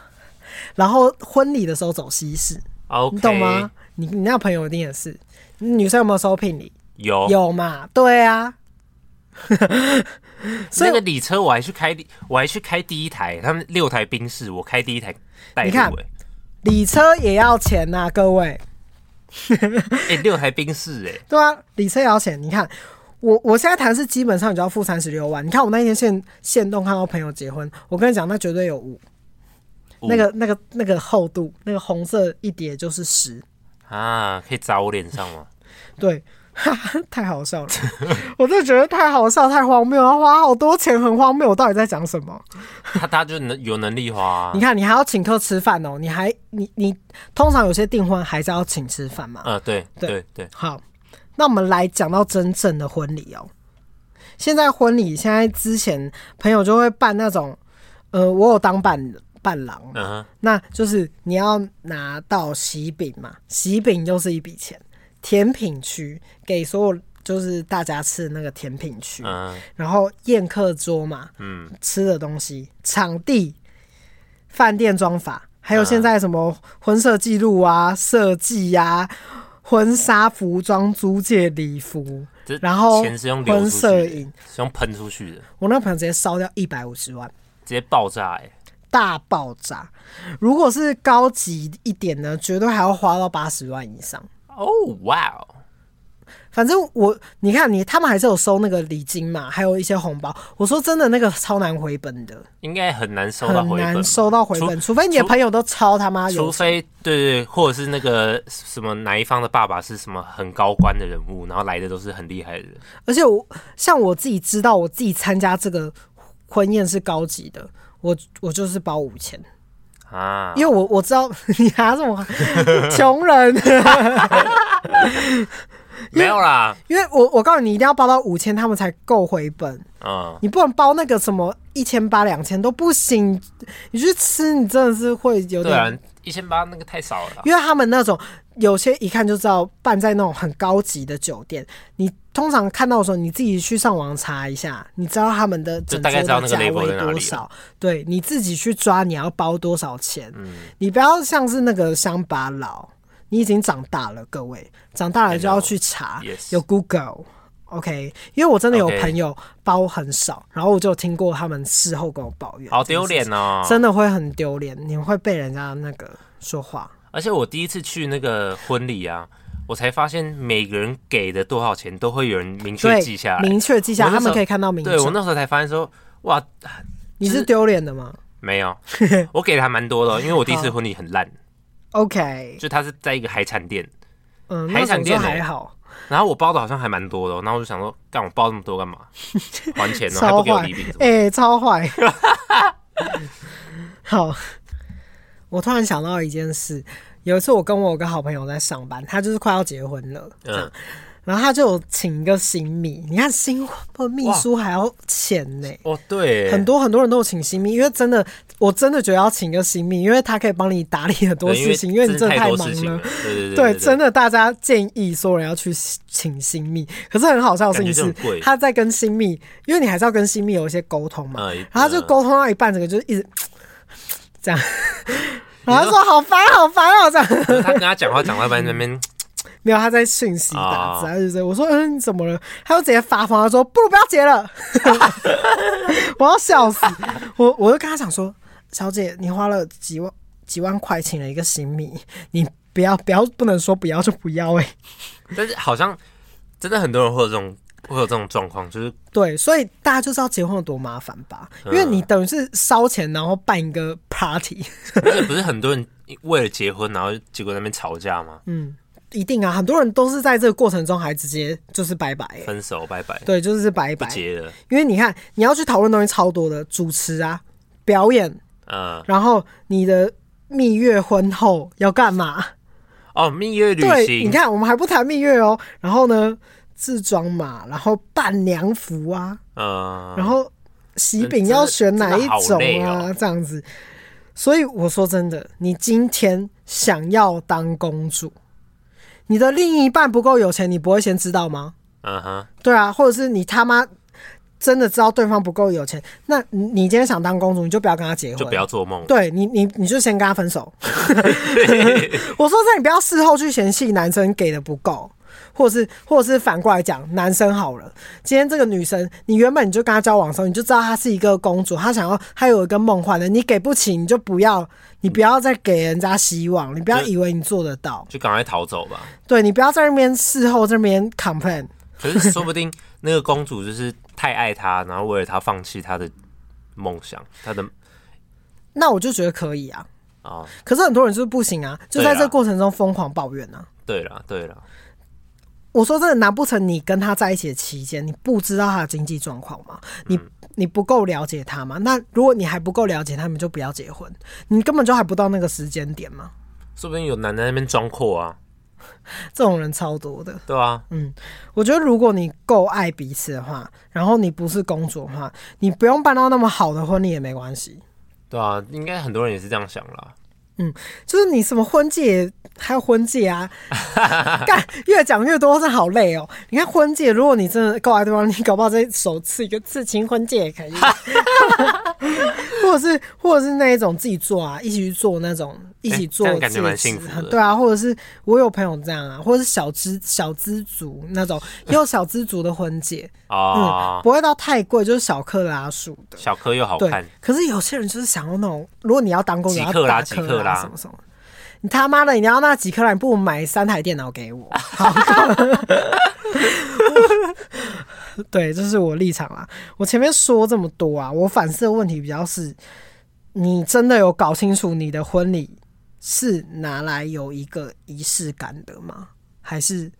然後婚禮的時候走西式，okay。你懂嗎？你你那朋友一定也是。女生有沒有收聘禮？有有嘛？對啊， [LAUGHS] 所以禮、那個、車我還去開，我還去開第一台，他們六台賓士，我開第一台帶路。你看，禮車也要錢吶、啊，各位。哎、 [LAUGHS] 欸，六台賓士，哎，對啊，禮車也要錢。你看。我我現在談是基本上你就要付三十六萬。你看我那一天限限動看到朋友結婚，我跟你講那絕對有五，五那個那個那個厚度，那個紅色一疊就是十啊，可以砸我臉上嗎 [LAUGHS] 對哈哈，太好笑了， [LAUGHS] 我真的覺得太好笑，太荒謬，要花好多錢，很荒謬。我到底在講什麼？他 [LAUGHS] 他就能有能力花、啊。 [LAUGHS] 你看你還要請客吃飯哦，你還你你通常有些訂婚還是要請吃飯嘛？啊、呃，對對對，好。那我們來講到真正的婚禮哦、喔。現在婚禮，現在之前朋友就會辦那種，呃，我有當伴伴郎，uh -huh. 那就是你要拿到喜餅嘛，喜餅就是一筆錢。甜品區給所有就是大家吃的那個甜品區，uh -huh. 然後宴客桌嘛，嗯、uh -huh.，吃的東西，場地，飯店裝法，還有現在什麼婚攝記錄啊，設計呀。婚紗服裝、租借禮服，然後婚攝影是用噴出去的。我那個朋友直接燒掉一百五十萬，直接爆炸哎、欸，大爆炸！如果是高級一點呢，絕對還要花到八十萬以上。哦，哇反正我，你看你，他們還是有收那個禮金嘛，還有一些紅包。我說真的，那個超難回本的，應該很難收到回本，很難收到回本，除非你的朋友都超他媽，有除，除非，除除非對，對對，或者是那個什麼哪一方的爸爸是什麼很高官的人物， [LAUGHS] 然後來的都是很厲害的人。而且我像我自己知道，我自己參加這個婚宴是高級的，我我就是包五千啊，因為我我知道 [LAUGHS] 你還什這麼窮 [LAUGHS] 窮人。 [LAUGHS] [LAUGHS] 沒有啦，因為我我告訴你，你一定要包到五千，他們才夠回本。哦。你不能包那個什麼一千八、兩千都不行。你去吃，你真的是會有點。對啊，一千八那個太少了。因為他們那種有些一看就知道辦在那種很高級的酒店。你通常看到的時候，你自己去上網查一下，你知道他們的整體價位，大概知道價位多少。對，你自己去抓你要包多少錢。嗯。你不要像是那個鄉巴佬。你已經長大了，各位長大了就要去查，yes. 有 Google，OK？Okay? 因為我真的有朋友包我很少，okay. 然後我就聽過他們事後跟我抱怨，好丟臉哦，真的會很丟臉，你會被人家那個說話。而且我第一次去那個婚禮啊，我才發現每個人給的多少錢都會有人明確記下來，明確記下來，他們可以看到名字。對，我那時候才發現說，哇，你是丟臉的嗎？沒有，我給的還蠻多的， [LAUGHS] 因為我第一次婚禮很爛。OK，就他是在一個海產店，嗯，海產店、欸、還好。然後我包的好像還蠻多的、喔，然後我就想說，幹我包那麼多幹嘛？還錢、喔，哦， [LAUGHS] 還不給我禮品，哎、欸，超壞。 [LAUGHS] 好，我突然想到一件事，有一次我跟我個好朋友在上班，他就是快要結婚了，嗯。然後他就請一個新秘，你看新秘秘書還要錢呢、欸。哦，對，很多很多人都有請新秘，因為真的，我真的覺得要請一個新秘，因為他可以幫你打理很多事情，因為，因為你真的太忙了。了對，對，對，對，對，對，真的大家建議所有人要去請新秘，可是很好笑的事情是，他在跟新秘，因為你還是要跟新秘有一些溝通嘛，呃、然後他就溝通到一半，這個就是一直這樣，然後他說好煩、啊、好煩、啊，好像 [LAUGHS] 他跟他講話講話完那邊。沒有他在訊息、啊，打字、oh.。後就是我說，嗯怎麼了？他就直接發瘋，他說不如不要結了， [LAUGHS] 我要笑死！我我就跟他講說，小姐，你花了幾萬幾萬塊錢的一個新秘，你不要不要不能說不要就不要哎、欸。但是好像真的很多人會有這種會有這種狀況，就是對，所以大家就知道結婚有多麻煩吧、嗯？因為你等於是燒錢，然後辦一個 party， [LAUGHS] 不是很多人為了結婚，然後結果在那邊吵架嗎？嗯。一定啊！很多人都是在這個過程中還直接就是拜拜分手，拜拜，對，就是拜拜不結了。因為你看，你要去討論東西超多的，主持啊，表演，嗯、呃，然後你的蜜月婚後要幹嘛？哦，蜜月旅行。對，你看，我們還不談蜜月哦。然後呢，自裝嘛，然後伴娘服啊，嗯、呃，然後喜餅要選哪一種啊，這、這好累哦？這樣子。所以我說真的，你今天想要當公主？你的另一半不夠有錢，你不會先知道嗎？嗯哼，對啊，或者是你他媽真的知道對方不夠有錢，那你今天想當公主，你就不要跟他結婚，就不要做夢。對你，你你就先跟他分手。 [LAUGHS] 我說，那你不要事後去嫌棄男生給的不夠。或者是，或者是反過來講，男生好了，今天這個女生，你原本你就跟她交往的時候，你就知道她是一個公主，她想要，她有一個夢幻的，你給不起，你就不要，你不要再給人家希望，你不要以為你做得到，就趕快逃走吧。對，你不要在那邊事後在那邊 complain。可是說不定那個公主就是太愛他，然後為了他放棄她的夢想，她的， [LAUGHS] 那我就覺得可以啊。啊，可是很多人就是不行啊，就在這個過程中瘋狂抱怨啊。對了，對了。我說真的，難不成你跟他在一起的期間，你不知道他的經濟狀況嗎？你你不夠了解他嗎？那如果你還不夠了解，他們就不要結婚。你根本就還不到那個時間點嗎？說不定有男的在那邊裝闊啊，這種人超多的。對啊，嗯，我覺得如果你夠愛彼此的話，然後你不是工作的話，你不用辦到那麼好的婚禮也沒關係。對啊，應該很多人也是這樣想啦。嗯，就是你什麼婚戒，還有婚戒啊，幹 [LAUGHS] 越講越多，是好累哦。你看婚戒，如果你真的夠愛的話，你搞不好這首次一個刺青婚戒也可以， [LAUGHS] [LAUGHS] [LAUGHS] [LAUGHS] 或者是或者是那一種自己做啊，一起去做那種。一起做戒指、欸、感覺很幸福，對啊，或者是我有朋友這樣啊，或者是小資小資族那種，也有小資族的婚戒、 [LAUGHS] 嗯、不會到太貴，就是小克拉數的，小顆又好看。可是有些人就是想要那種，如果你要當工人，幾克拉，要克拉幾克拉什麼什麼，你他媽的，你要那幾克拉，你不如買三台電腦給我。好， [LAUGHS] [LAUGHS] [LAUGHS] 對，這、就是我立場啦。我前面說這麼多啊，我反思的問題比較是，你真的有搞清楚你的婚禮？是拿來有一個儀式感的嗎？還是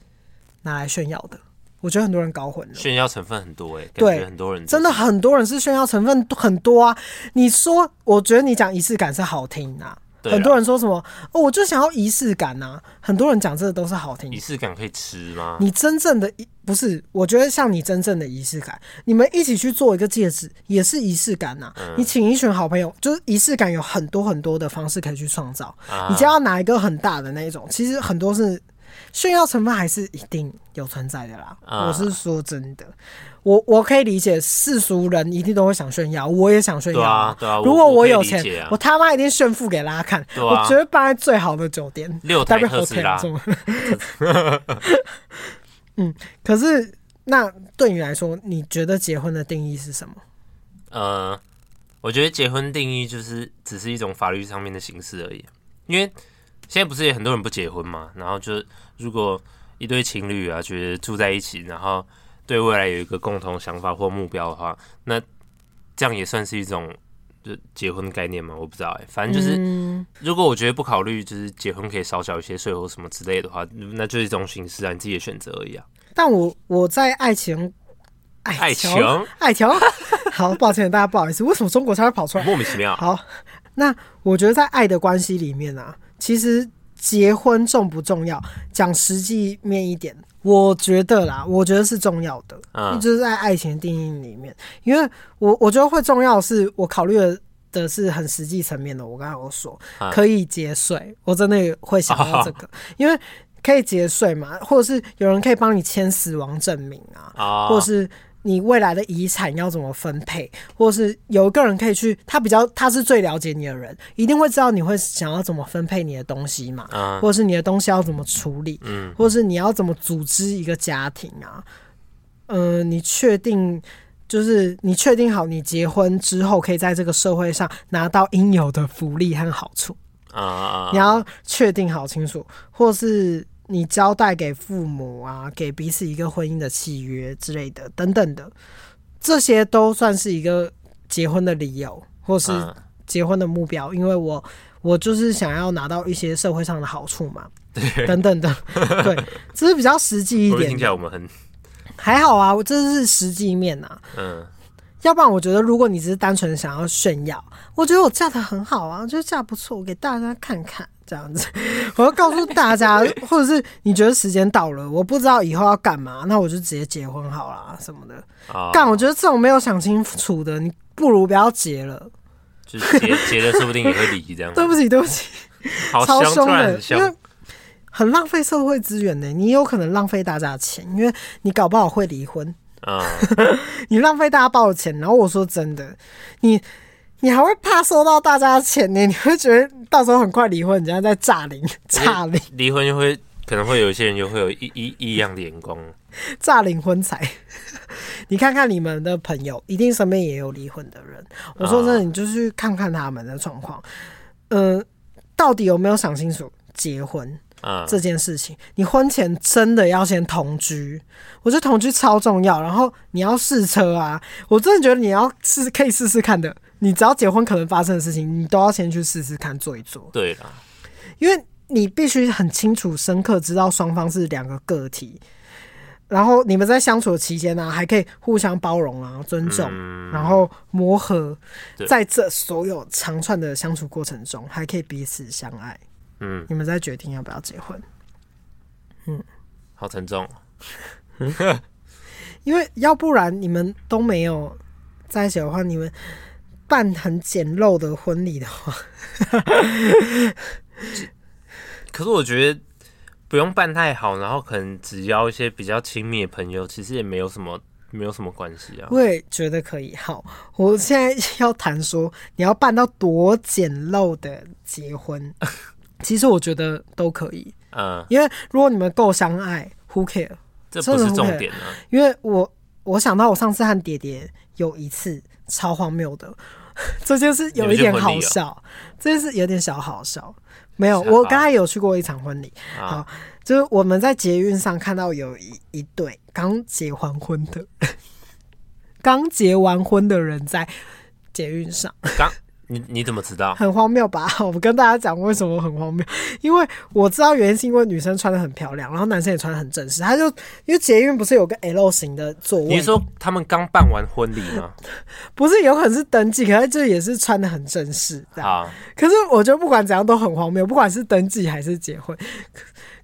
拿來炫耀的？我覺得很多人搞混了，炫耀成分很多誒、欸，對，很多人、就是、真的很多人是炫耀成分很多啊。你說，我覺得你講儀式感是好聽啊。很多人說什麼，哦、我就想要儀式感吶、啊。很多人講這個都是好聽的。儀式感可以吃嗎？你真正的不是，我覺得像你真正的儀式感，你們一起去做一個戒指也是儀式感吶、啊嗯。你請一群好朋友，就是儀式感有很多很多的方式可以去創造。啊、你要哪一個很大的那一種，其實很多是。炫耀成分還是一定有存在的啦，我是說真的，我我可以理解世俗人一定都會想炫耀，我也想炫耀。啊，如果我有錢，我他媽一定炫富給大家看。我絕對搬在最好的酒店，啊、六台和田玉。嗯，可是那對你來說，你覺得結婚的定義是什麼？呃，我覺得結婚定義就是只是一種法律上面的形式而已，因為。現在不是也很多人不結婚嘛？然後就如果一對情侶啊，覺得住在一起，然後對未來有一個共同想法或目標的話，那這樣也算是一種就結婚概念嘛。我不知道哎、欸。反正就是，如果我覺得不考慮就是結婚可以少繳一些稅或什麼之類的話，那就是一種形式啊，你自己的選擇而已啊。但我我在愛情，愛僑，愛情，愛情 [LAUGHS] 好，抱歉大家，不好意思，為什麼中國才會跑出來？莫名其妙。好，那我覺得在愛的關係裡面啊。其實結婚重不重要？講實際面一點，我覺得啦，我覺得是重要的。一、嗯、就是在愛情的定義裡面，因為我我覺得會重要的是，是我考慮的是很實際層面的。我剛才有說可以節稅、嗯，我真的會想到這個、哦，因為可以節稅嘛，或者是有人可以幫你簽死亡證明啊，哦、或者是。你未來的遺產要怎麼分配，或是有一個人可以去，他比較他是最了解你的人，一定會知道你會想要怎麼分配你的東西嘛，Uh, 或是你的東西要怎麼處理，Mm-hmm. 或是你要怎麼組織一個家庭啊？嗯，呃，你確定，就是你確定好，你結婚之後可以在這個社會上拿到應有的福利和好處啊？Uh. 你要確定好清楚，或是。你交代給父母啊，給彼此一個婚姻的契約之類的，等等的，這些都算是一個結婚的理由，或是結婚的目標。嗯，因為我我就是想要拿到一些社會上的好處嘛，對，等等的，對， [LAUGHS] 這是比較實際一點。我聽起來我們很還好啊，我這是實際面啊。嗯，要不然我覺得，如果你只是單純想要炫耀，我覺得我嫁得很好啊，就嫁得不錯，我給大家看看。這樣子，我要告訴大家，或者是你覺得時間到了， [LAUGHS] 我不知道以後要幹嘛，那我就直接結婚好了，什麼的。但、oh. 我覺得這種沒有想清楚的，你不如不要結了。就結結了，說不定也會離 [LAUGHS] 這樣子。對不起，對不起，超兇的，因為很浪費社會資源呢。你有可能浪費大家的錢，因為你搞不好會離婚啊，oh. [LAUGHS] 你浪費大家包的錢。然後我說真的，你。你還會怕收到大家的錢呢？你會覺得到時候很快離婚，人家在在詐領詐領，離婚就會可能會有一些人就會有異異異樣的眼光，詐領婚財。 [LAUGHS] 你看看你們的朋友，一定身邊也有離婚的人。我說真的，那你就去看看他們的狀況。嗯、啊呃，到底有沒有想清楚結婚、啊、這件事情？你婚前真的要先同居，我覺得同居超重要。然後你要試車啊，我真的覺得你要試，可以試試看的。你只要結婚可能發生的事情，你都要先去試試看，做一做。對的，因為你必須很清楚、深刻知道雙方是兩個個體，然後你們在相處的期間呢、啊，還可以互相包容啊、尊重，嗯、然後磨合，對，在這所有長串的相處過程中，還可以彼此相愛。嗯，你們在決定要不要結婚。嗯，好沉重。 [LAUGHS] 因為要不然你們都沒有在一起的話，你們。辦很簡陋的婚禮的話 [LAUGHS] 可是我覺得不用辦太好，然後可能只要一些比較親密的朋友，其實也沒有什麼，沒有什麼關係啊。我也覺得可以。好，我現在要談說你要辦到多簡陋的結婚，其實我覺得都可以。 [LAUGHS] 嗯，因為如果你們夠相愛，Who Care？這不是重點了。因為我我想到我上次和爹爹有一次。超荒謬的，這就是有一點好笑，就這是有點小好笑。沒有，我剛才有去過一場婚禮，好、啊哦，就是我們在捷運上看到有一一對剛結完婚的，剛結完婚的人在捷運上。剛你你怎麼知道？很荒謬吧？我不跟大家講為什麼很荒謬，因為我知道原因是因為女生穿的很漂亮，然後男生也穿的很正式，他就因為捷運，不是有個 L 型的座位？你說他們剛辦完婚禮嗎？ [LAUGHS] 不是，有可能是登記，可是就也是穿的很正式。啊！可是我覺得不管怎樣都很荒謬，不管是登記還是結婚，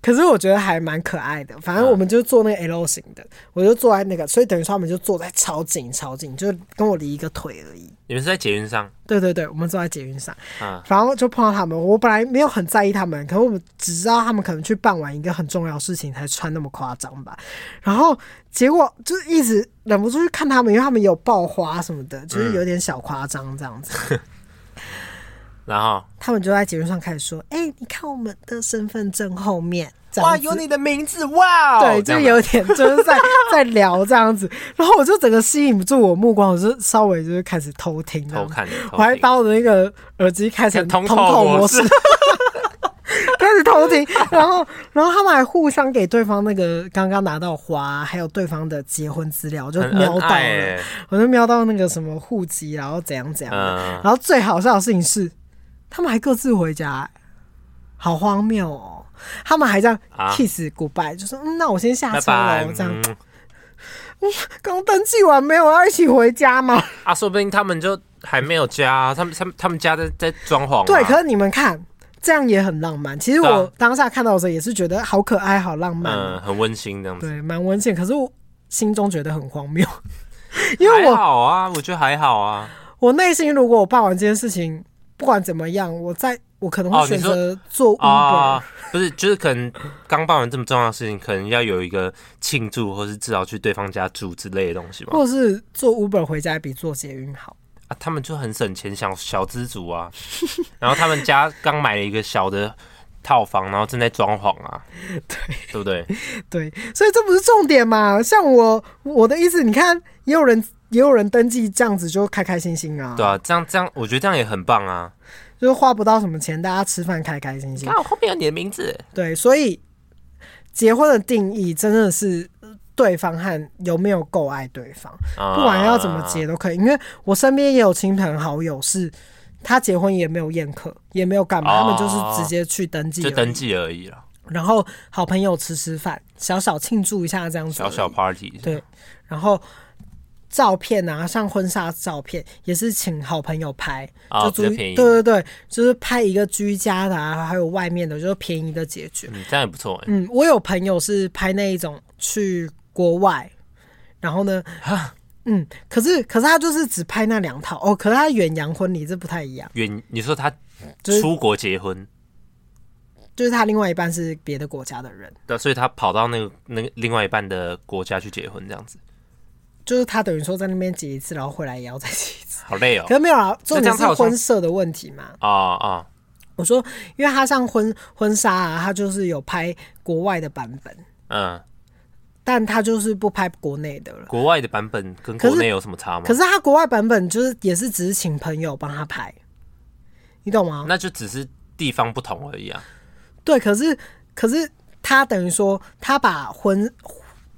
可是我覺得還蠻可愛的。反正我們就坐那個 L 型的，啊、我就坐在那個，所以等於說他們就坐在超近超近，就跟我離一個腿而已。你們是在捷運上？對對對，我們坐在捷運上。啊，然後就碰到他們，我本來沒有很在意他們，可是我們只知道他們可能去辦完一個很重要的事情才穿那麼誇張吧。然後結果就一直忍不住去看他們，因為他們有爆花什麼的，就是有點小誇張這樣子。嗯 [LAUGHS] 然後他們就在節目上開始說：“哎、欸，你看我們的身份證後面，哇，有你的名字哇！”對，就有點就是在在聊這樣子。然後我就整個吸引不住我目光，我就稍微就是開始偷聽，偷看偷。我還把我的那個耳機，開成通透模式，通透 [LAUGHS] 開始偷聽。然後，然後他們還互相給對方那個剛剛拿到花，還有對方的結婚資料，我就瞄到了、欸，我就瞄到那個什麼戶籍，然後怎樣怎樣、嗯、然後最好笑的事情是。他們還各自回家，好荒謬哦、喔！他們還這樣 kiss goodbye、啊、就說：“嗯，那我先下車了。拜拜”我這樣，剛、嗯嗯、登記完沒有要一起回家嗎？啊，說不定他們就還沒有家，他們、他們、他們家在在裝潢。對，可是你們看，這樣也很浪漫。其實我當下看到的時候也是覺得好可愛、好浪漫，嗯，很溫馨這樣子，對，蠻溫馨。可是我心中覺得很荒謬，因為我還好啊，我覺得還好啊。我內心如果我辦完這件事情。不管怎麼樣，我在我可能會選擇坐 Uber，、哦啊、不是，就是可能剛辦完這麼重要的事情， [LAUGHS] 可能要有一個慶祝，或是至少去對方家住之類的東西吧。或是坐 Uber 回家比坐捷運好啊？他們就很省錢，想小資足啊。 [LAUGHS] 然後他們家剛買了一個小的套房，然後正在裝潢啊， [LAUGHS] 對，對不對？對，所以這不是重點嘛？像我，我的意思，你看，也有人。也有人登記，這樣子就開開心心啊！對啊，這樣這樣，我覺得這樣也很棒啊！就是花不到什麼錢，大家吃飯開開心心。剛好後面有你的名字，對，所以結婚的定義真的是對方和有沒有夠愛對方，不管要怎麼結都可以。啊、因為我身邊也有親朋好友是他結婚也沒有宴客，也沒有幹嘛、啊，他們就是直接去登記，就登記而已了。然後好朋友吃吃飯，小小慶祝一下這樣子，小小 party 對，然後。照片啊，像婚紗照片也是請好朋友拍，哦、就租便宜。對對對，就是拍一個居家的啊，還有外面的，就是便宜的解決。嗯，這樣也不錯哎、欸。嗯，我有朋友是拍那一種去國外，然後呢，哈，嗯，可是可是他就是只拍那兩套哦。可是他遠洋婚禮這不太一樣。遠，你說他出國結婚，就是、就是、他另外一半是別的國家的人，對，所以他跑到那個那另外一半的國家去結婚這樣子。就是他等於說在那邊結一次，然後回來也要再結一次，好累哦。可是沒有啊，重點是婚攝的問題嘛。啊啊！我說，因為他像婚婚紗啊，他就是有拍國外的版本，嗯，但他就是不拍國內的了。國外的版本跟國內有什麼差嗎？可是他國外版本就是也是只是請朋友幫他拍，你懂嗎？那就只是地方不同而已啊。對，可是可是他等於說他把婚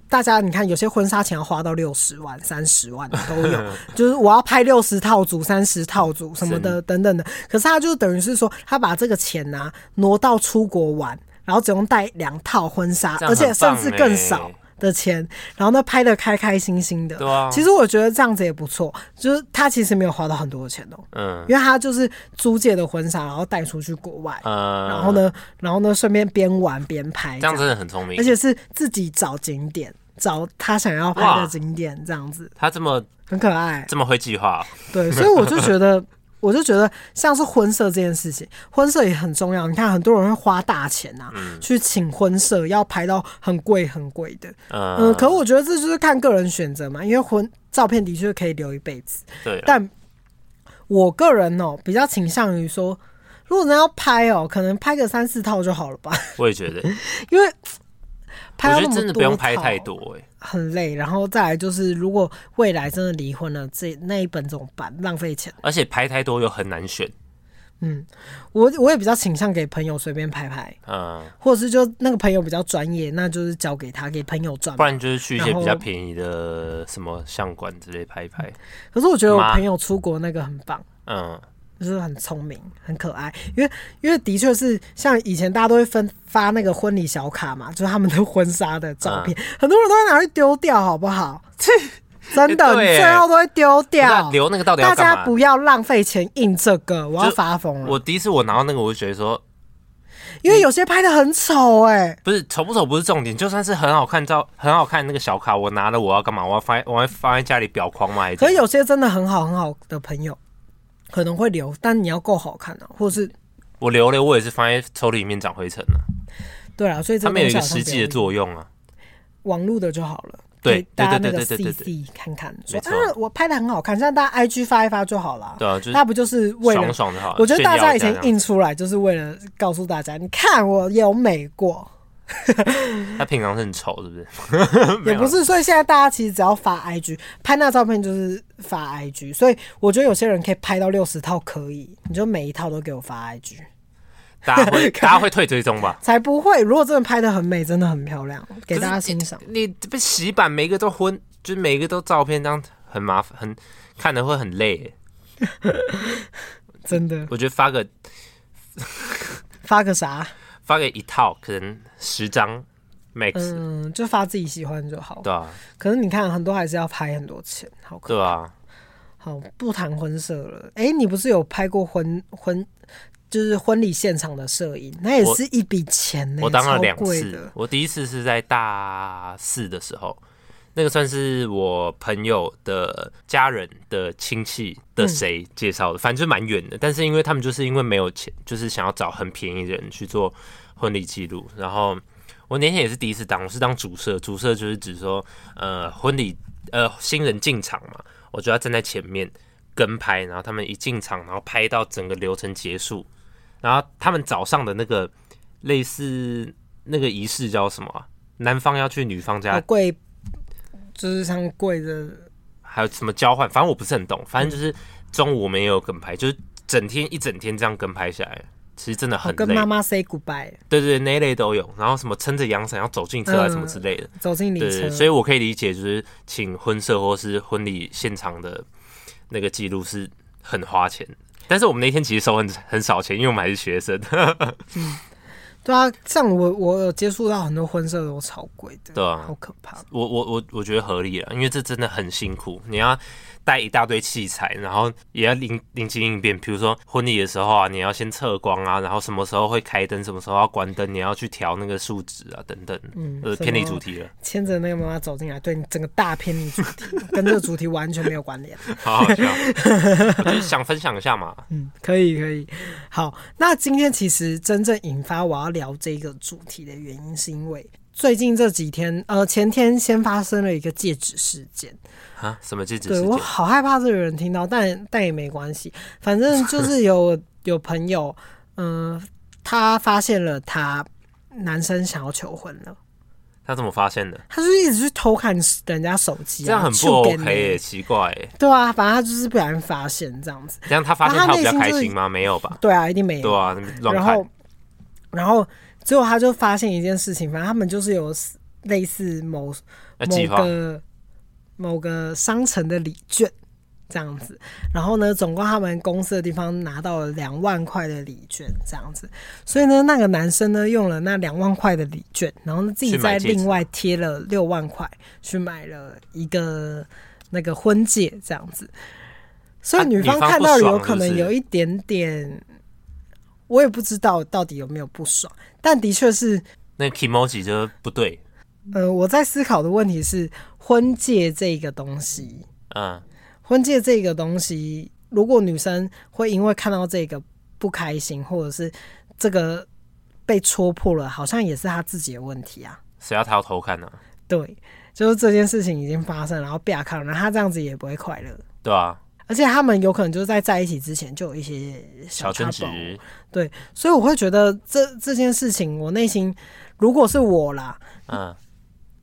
大家，你看有些婚紗錢要花到六十萬、三十萬都有，就是我要拍六十套組、三十套組什麼的等等的。可是他就等於是說，他把這個錢拿、啊、挪到出國玩，然後只用帶兩套婚紗，而且甚至更少。的錢，然後呢拍的開開心心的，對啊。其實我覺得這樣子也不錯，就是他其實沒有花到很多的錢哦、喔，嗯，因為他就是租借的婚紗，然後帶出去國外，嗯，然後呢，然後呢順便邊玩邊拍這樣子，這樣真的很聰明，而且是自己找景點，找他想要拍的景點，這樣子，哦、他這麼很可愛，這麼會計劃、哦，對，所以我就覺得。 [LAUGHS] 我就覺得像是婚攝這件事情，婚攝也很重要。你看，很多人會花大錢啊，嗯、去請婚攝要拍到很貴、很貴的。嗯嗯、可我覺得這就是看個人選擇嘛，因為婚照片的確可以留一輩子。對、啊，但我個人哦、喔，比較傾向於說，如果人要拍哦、喔，可能拍個三四套就好了吧。我也覺得， [LAUGHS] 因為。我覺得真的不用拍太多，哎，很累。然後再來就是，如果未來真的離婚了，這那一本怎麼辦？浪費錢。而且拍太多又很難選。嗯，我我也比較傾向給朋友隨便拍拍，嗯，或者是就那個朋友比較專業，那就是交給他給朋友轉。不然就是去一些比較便宜的什麼相館之類拍一拍，嗯，可是我覺得我朋友出國那個很棒，嗯。就是很聰明，很可愛，因為因為的確是像以前大家都會分發那個婚禮小卡嘛，就是他們的婚紗的照片、嗯，很多人都會拿去丟掉，好不好？ [LAUGHS] 真的，最後都會丟掉，但留那個到底要幹嘛？大家不要浪費錢印這個，我要發瘋了。我第一次我拿到那個，我就覺得說，因為有些拍得很醜、欸，哎，不是醜不醜不是重點，就算是很好看照，很好看那個小卡，我拿了我要幹嘛？我要放，我要放在家裡裱框嘛？所以可是有些真的很好很好的朋友。可能會留，但你要夠好看啊，或者是我留了，我也是放在抽屜裡面長灰塵了、啊。對啊，所以這它沒有一個實際的作用啊。網絡的就好了，對，大家那個 CC 看看，我、啊、我拍的很好看，像大家 IG 發一發就好了。對啊，那、就是、不就是為了，爽爽就好了？我覺得大家以前印出來就是為了告訴大家，你看我有美過。 [LAUGHS] 他平常是很醜，是不是？ [LAUGHS] 也不是。所以現在大家其實只要發 IG 拍那照片，就是發 IG。所以我覺得有些人可以拍到六十套，可以，你就每一套都給我發 IG。大家會，大家會退追蹤吧？ [LAUGHS] 才不會！如果真的拍得很美，真的很漂亮，給大家欣賞。你被洗版，每個都混，就是、每個都照片，這樣很麻煩，很看得會很累。 [LAUGHS] [LAUGHS] 真的，我覺得發個 [LAUGHS] 發個啥？發給一套可能十張，每次嗯，就發自己喜歡就好。對啊，可是你看很多還是要拍很多錢，好可對啊，好不談婚攝了。誒、欸，你不是有拍過婚婚，就是婚禮現場的攝影，那也是一筆錢呢、欸。我當了兩次，我第一次是在大四的時候。那個算是我朋友的家人的親戚的誰介紹的、嗯，反正就蠻遠的。但是因為他們就是因為沒有錢，就是想要找很便宜的人去做婚禮記錄。然後我那天也是第一次當，我是當主攝，主攝就是指說，呃，婚禮呃新人進場嘛，我就要站在前面跟拍。然後他們一進場，然後拍到整個流程結束。然後他們早上的那個類似那個儀式叫什麼、啊？男方要去女方家。就是像跪的，還有什麼交換，反正我不是很懂。反正就是中午我們也有跟拍、嗯，就是整天一整天這樣跟拍下來，其實真的很累。跟媽媽 say goodbye。對對，對，那一類都有，然後什麼撐着陽傘要走進車啊、嗯、什麼之類的，走進禮車。對，對，對，所以我可以理解，就是請婚攝或是婚禮現場的那個記錄是很花錢，但是我們那天其實收很很少錢，因為我們還是學生。 [LAUGHS] 對啊，這樣我我有接觸到很多婚攝都超貴的，對啊，好可怕。我我我我覺得合理了，因為這真的很辛苦，你要。帶一大堆器材，然後也要臨臨機應變。比如說婚禮的時候啊，你要先測光啊，然後什麼時候會開燈，什麼時候要關燈，你要去調那個數值啊，等等。嗯，就是偏離主題了。牽着那個媽媽走進來，對你整個大偏離主題， [LAUGHS] 跟這個主題完全沒有關聯。 [LAUGHS] 好好笑。好想分享一下嘛？ [LAUGHS] 嗯，可以可以。好，那今天其實真正引發我要聊這個主題的原因，是因為。最近這幾天，呃，前天先發生了一個戒指事件啊，什麼戒指事件？對我好害怕，這個人聽到，但但也沒關係，反正就是有 [LAUGHS] 有朋友，嗯、呃，他發現了他男生想要求婚了，他怎麼發現的？他就一直去偷看人家手機、啊，這樣很不 OK，奇怪，對啊，反正他就是被別人發現這樣子，這樣他發現他比較開心嗎？沒有吧？對啊，一定沒有，對啊，然後然後。然後最後，他就發現一件事情，反正他們就是有類似某某個某個商城的禮券這樣子，然後呢，總共他們公司的地方拿到了兩萬塊的禮券這樣子，所以呢，那個男生呢用了那兩萬塊的禮券，然後自己再另外貼了六萬塊去買了一個那個婚戒這樣子，所以女方看到有可能有一點點、啊。我也不知道到底有沒有不爽，但的確是那 kimochi 就不對。嗯、呃，我在思考的問題是婚戒這個東西。啊、嗯，婚戒這個東西，如果女生會因為看到這個不開心，或者是這個被戳破了，好像也是她自己的問題啊。誰要他要偷看呢、啊？對，就是這件事情已經發生，然後被他看了，然後他這樣子也不會快樂。對啊。而且他們有可能就是在在一起之前就有一些小爭執，對，所以我會覺得這這件事情，我內心，如果是我啦，啊、嗯，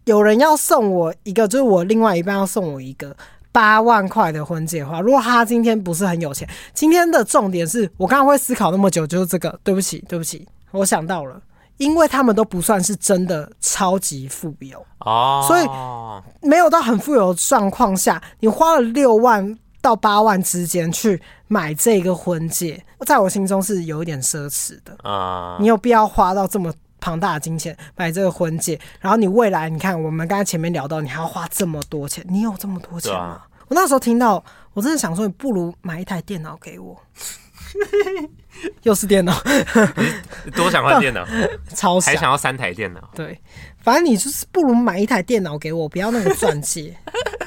有人要送我一個，就是我另外一半要送我一個八萬塊的婚戒的話，如果他今天不是很有錢，今天的重點是我剛剛會思考那麼久就是這個，對不起，對不起，我想到了，因為他們都不算是真的超級富有哦，所以沒有到很富有的狀況下，你花了六萬，到八萬之間去買這個婚戒，在我心中是有一點奢侈的啊！Uh... 你有必要花到這麼龐大的金錢買這個婚戒？然後你未來，你看我們剛才前面聊到，你還要花這麼多錢，你有這麼多錢嗎？啊、我那時候聽到，我真的想說，你不如買一台電腦給我， [LAUGHS] 又是電腦， [LAUGHS] 多想換電腦， [LAUGHS] 超想，還想要三台電腦，對，反正你就是不如買一台電腦給我，不要那個鑽戒。 [LAUGHS]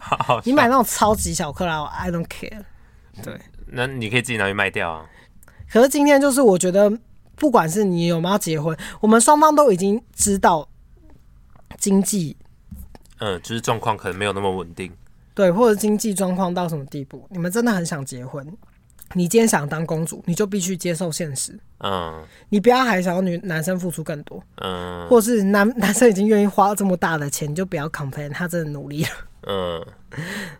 好好你買那種超級小克拉，I don't care。對，那你可以自己拿去賣掉啊。可是今天就是，我覺得不管是你有沒有結婚，我們雙方都已經知道經濟，嗯，就是狀況可能沒有那麼穩定。對，或者經濟狀況到什麼地步，你們真的很想結婚，你今天想當公主，你就必須接受現實。嗯，你不要還想要女男生付出更多。嗯，或是男男生已經願意花這麼大的錢，你就不要 complain，他真的努力了。嗯，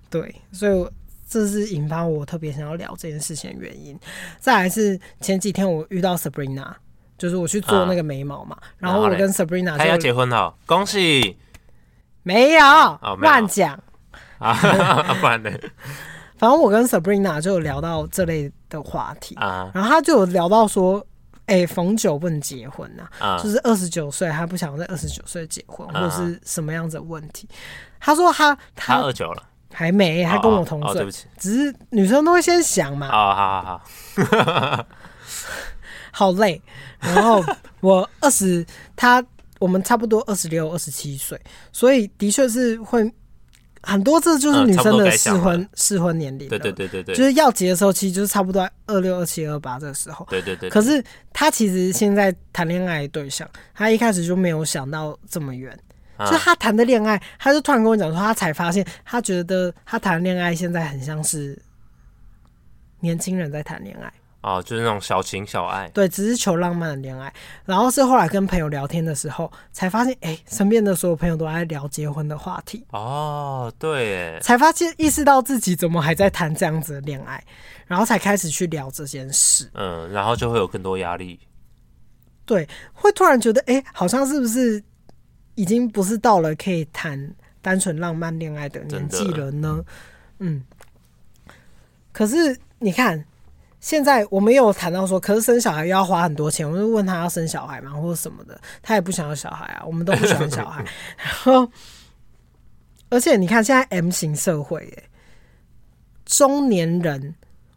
對，所以這是引發我特別想要聊這件事情的原因。再來是前幾天我遇到 Sabrina，就是我去做那個眉毛嘛，啊、然後我跟 Sabrina 他，要結婚了，恭喜！沒有，哦、沒有亂講啊，啊，反正我跟 Sabrina 就有聊到這類的話題啊，然後他就有聊到說。哎、欸，逢九不能結婚啊，嗯、就是二十九歲，他不想在二十九歲結婚，嗯、或是什麼樣子的問題。嗯、他說他他二九了，還沒，他跟我同歲、哦哦哦、對不起。只是女生都會先想嘛。哦、好,好,好, [LAUGHS] [LAUGHS] 好累。然後我二十，他我們差不多二十六、二十七歲，所以的確是會。很多字就是女生的適婚適、嗯、婚年齡，對對對對對，就是要結的時候，其實就是差不多二六二七二八這個時候。對對，對對對。可是他其實現在談戀愛對象，他一開始就沒有想到這麼遠、嗯，就是、他談的戀愛，他就突然跟我講說，他才發現，他覺得他談戀愛現在很像是年輕人在談戀愛。哦，就是那種小情小愛，對，只是求浪漫的戀愛。然後是後來跟朋友聊天的時候，才發現，哎、欸，身邊的所有朋友都愛聊結婚的話題。哦，對，才發現意識到自己怎麼還在談這樣子的戀愛，然後才開始去聊這件事。嗯，然後就會有更多壓力。對，會突然覺得，哎、欸，好像是不是已經不是到了可以談單純浪漫戀愛的年紀了呢？嗯，嗯，可是你看。現在我們也有談到說，可是生小孩又要花很多錢。我就問他要生小孩嗎，或者什麼的，他也不想要小孩啊，我們都不想要小孩。然後，而且你看現在 M 型社會，欸，中年人，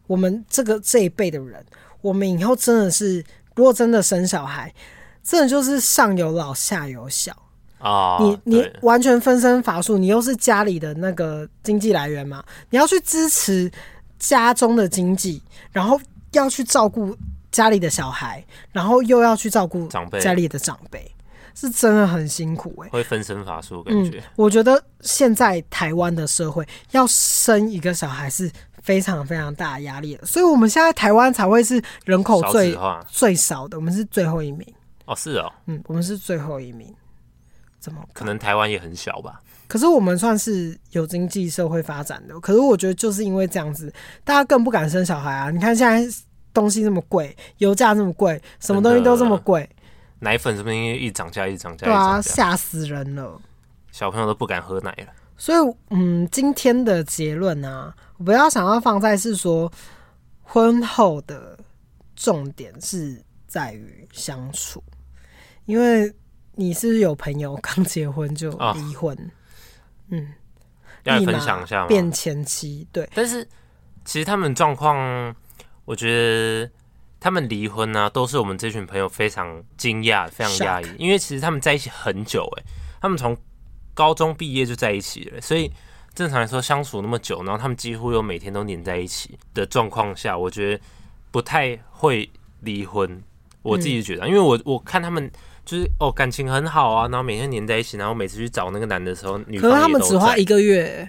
我們這個這一輩的人，我們以後真的是，如果真的生小孩，真的就是上有老下有小 [LAUGHS] 你你完全分身乏術，你又是家裡的那個經濟來源嘛，你要去支持。家中的經濟，然後要去照顧家裡的小孩，然後又要去照顧長輩家裡的長輩，是真的很辛苦哎、欸，會分身乏術感覺、嗯。我覺得現在台灣的社會要生一個小孩是非常非常大的壓力，所以我們現在台灣才會是人口最最少的，我們是最後一名哦。是哦，嗯，我們是最後一名。怎麼？可能台灣也很小吧。可是我們算是有經濟社會發展的，可是我覺得就是因為這樣子，大家更不敢生小孩啊！你看現在東西那麼貴，油價那麼貴，什麼東西都這麼貴，啊，奶粉是不是一漲價一漲價？對啊，嚇死人了！小朋友都不敢喝奶了。所以，嗯，今天的結論啊，我不要想要放在是說，婚後的重點是在於相處，因為你是不是有朋友剛結婚就離婚。哦嗯，要分享一下嘛？變前期對，但是其實他們狀況，我覺得他們離婚呢、啊，都是我們這群朋友非常驚訝、非常訝異，因為其實他們在一起很久哎、欸，他們從高中畢業就在一起了，所以正常來說相處那麼久，然後他們幾乎又每天都黏在一起的狀況下，我覺得不太會離婚。我自己覺得，嗯、因為我我看他們。就是哦，感情很好啊，然後每天黏在一起，然後每次去找那個男的時候，女朋友。可能他們只花一個月，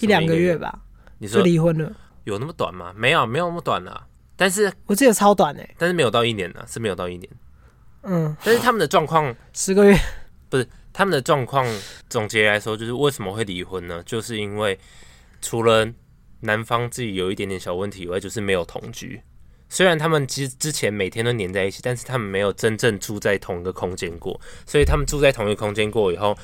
一兩個月吧，你說離婚了？有那麼短嗎？沒有，沒有那麼短啊。但是我記得超短欸，但是沒有到一年啊，是沒有到一年。嗯，但是他們的狀況十個月，不是他們的狀況。總結來說，就是為什麼會離婚呢？就是因為除了男方自己有一點點小問題以外，就是沒有同居。雖然他們之之前，每天都黏在一起，但是他們沒有真正住在同一個空間過，所以他們住在同一個空間過以後，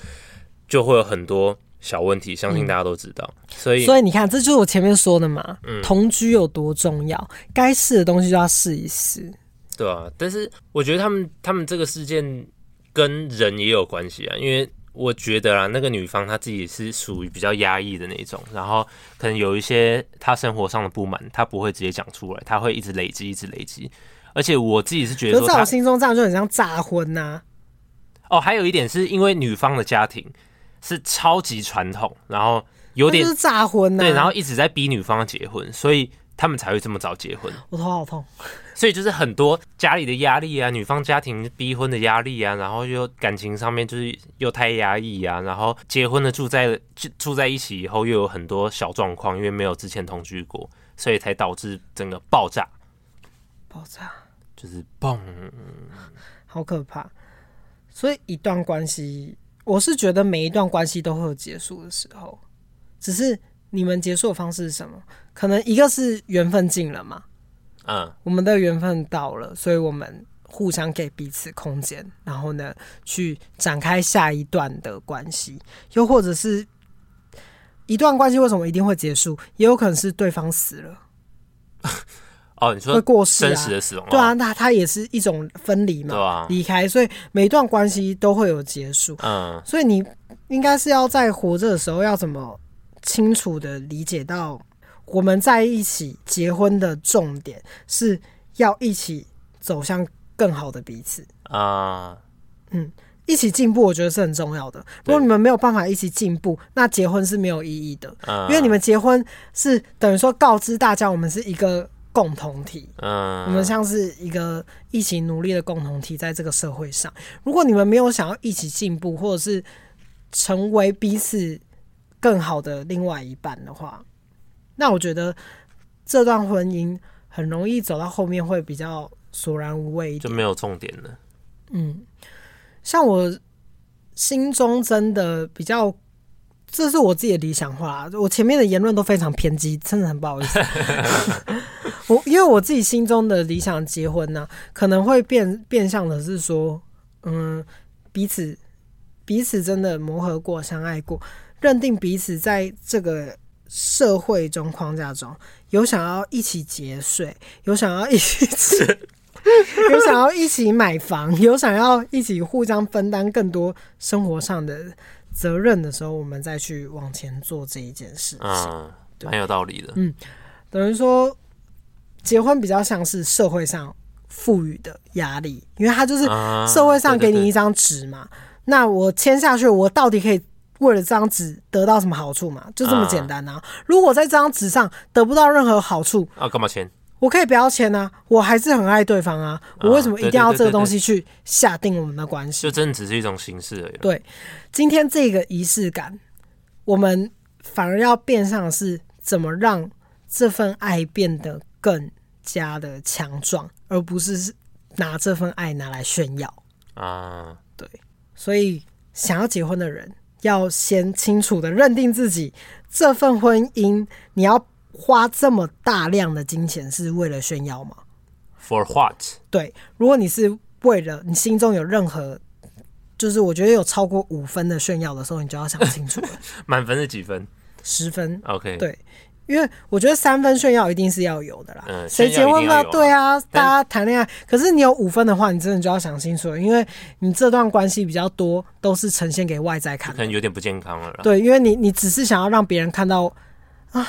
就會有很多小問題，相信大家都知道。嗯，所以，所以你看，這就是我前面說的嘛，嗯，同居有多重要，該試的東西就要試一試。對啊，但是我覺得他們他們這個事件跟人也有關係啊，因為。我覺得啊，那個女方她自己是屬於比較壓抑的那種，然後可能有一些她生活上的不滿，她不會直接講出來，她會一直累積，一直累積。而且我自己是覺得她，可在我心中這樣就很像詐婚吶、啊。哦，還有一點是因為女方的家庭是超級傳統，然後有點就是詐婚、啊，對，然後一直在逼女方結婚，所以。他們才會這麼早結婚。我頭好痛。所以就是很多家裡的壓力啊，女方家庭逼婚的壓力啊，然後又感情上面就是又太壓抑啊，然後結婚了住在住在一起以後又有很多小狀況，因為沒有之前同居過，所以才導致整個爆炸。爆炸就是嘣，好可怕。所以一段關係，我是覺得每一段關係都會有結束的時候，只是你們結束的方式是什麼？可能一個是緣分盡了嘛，嗯，我們的緣分到了，所以我們互相給彼此空間，然後呢，去展開下一段的關係。又或者是一段關係為什麼一定會結束，也有可能是對方死了。哦，你說會過世，啊，真實的死，哦，對啊，那它，它也是一種分離嘛，對啊，離開，所以每一段關係都會有結束。嗯，所以你應該是要在活着的時候要怎麼清楚的理解到。我們在一起結婚的重點是要一起走向更好的彼此啊，uh, 嗯，一起進步，我覺得是很重要的。Mm. 如果你們沒有辦法一起進步，那結婚是沒有意義的。Uh, 因為你們結婚是等於說告知大家，我們是一個共同體，嗯，uh，我們像是一個一起努力的共同體，在這個社會上。如果你們沒有想要一起進步，或者是成為彼此更好的另外一半的話。那我覺得這段婚姻很容易走到後面會比較索然無味，就沒有重點了。嗯，像我心中真的比較，這是我自己的理想化、啊。我前面的言論都非常偏激，真的很不好意思。 [LAUGHS] [LAUGHS] 我因為我自己心中的理想結婚呢、啊，可能會變變相的是說，嗯，彼此彼此真的磨合過、相愛過，認定彼此在這個。社會中框架，中有想要一起節稅，有想要一起吃， [LAUGHS] 有想要一起買房，有想要一起互相分擔更多生活上的責任的時候，我們再去往前做這一件事情，嗯、啊，很有道理的。嗯，等於說，結婚比較像是社會上賦予的壓力，因為他就是社會上給你一張紙嘛，啊、對對對，那我簽下去，我到底可以為了這張紙得到什麼好處嘛？就這麼簡單啊，啊。如果在這張紙上得不到任何好處，啊，幹嘛簽？我可以不要簽啊。我還是很愛對方啊，啊。我為什麼一定要這個東西去下定我們的關係？啊對對對對對對，就真的只是一種形式而已。對，今天這個儀式感，我們反而要變相的是怎麼讓這份愛變得更加的強壯，而不是拿這份愛拿來炫耀啊。對，所以想要結婚的人。要先清楚的認定自己，這份婚姻你要花這麼大量的金錢是為了炫耀嗎？For what？對，如果你是為了你心中有任何，就是我覺得有超過五分的炫耀的時候，你就要想清楚了。 [LAUGHS] 滿分是幾分？十分。OK。對。因為我覺得三分炫耀一定是要有的啦，誰結婚啊？對啊，大家談戀愛。可是你有五分的話，你真的就要想清楚了，因為你這段關係比較多，都是呈現給外在看的，可能有點不健康了。對，因為你你只是想要讓別人看到啊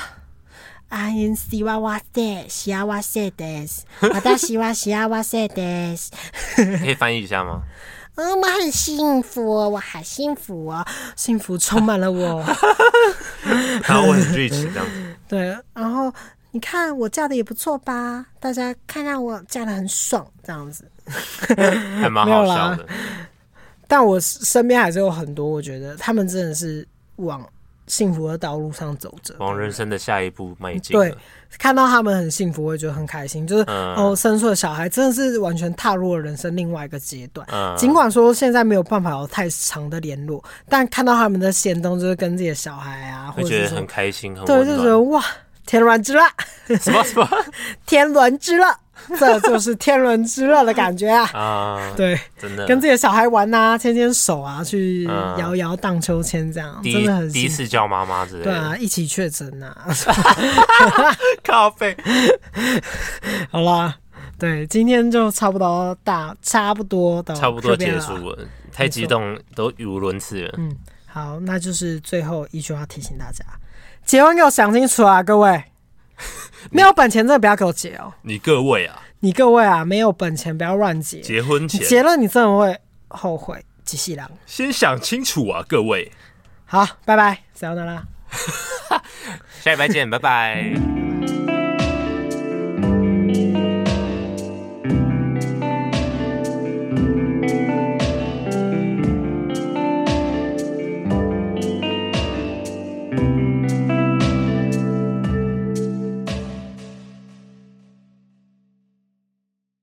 ，I am siwa wa de siwa sedes, 我在洗哇洗哇洗哇洗哇， [LAUGHS] 可以翻譯一下嗎？我、嗯、媽很幸福，我好幸福，啊，哦，幸福充滿了我。然後我很支持這樣子。對，然後你看我嫁的也不錯吧？大家看一下我嫁的很爽這樣子。 [LAUGHS] 還蠻好笑的， [LAUGHS] 啦，但我身邊還是有很多，我覺得他們真的是往。幸福的道路上走着，往人生的下一步邁進。對，看到他們很幸福，我也覺得很開心。就是、嗯、哦，生出的小孩真的是完全踏入了人生另外一個階段。盡、嗯、管說現在沒有辦法有太長的聯絡，但看到他們的行動，就是跟自己的小孩啊，會覺得很開心。對，就覺得哇，天倫之樂，什麼什麼， [LAUGHS] 天倫之樂。 [LAUGHS] 這就是天倫之樂的感覺啊！啊、uh,，對，真的跟自己的小孩玩吶、啊，牽牽手啊，去搖搖盪秋千這樣，uh, 真的很第一次叫媽媽之類的。對啊，一起確診啊！咖啡，好了，對，今天就差不多大，差不多的，差不多結束了。太激動都語無倫次了。嗯，好，那就是最後一句話提醒大家，結婚給我想清楚啊，各位。 [LAUGHS] 沒有本錢，真的不要給我結哦、喔！你各位啊，你各位啊，沒有本錢不要亂結。結婚前結了，你真的會後悔。幾世人，先想清楚啊，各位。好，拜拜，再見 [LAUGHS] 下禮拜見， [LAUGHS] 拜拜。 [LAUGHS]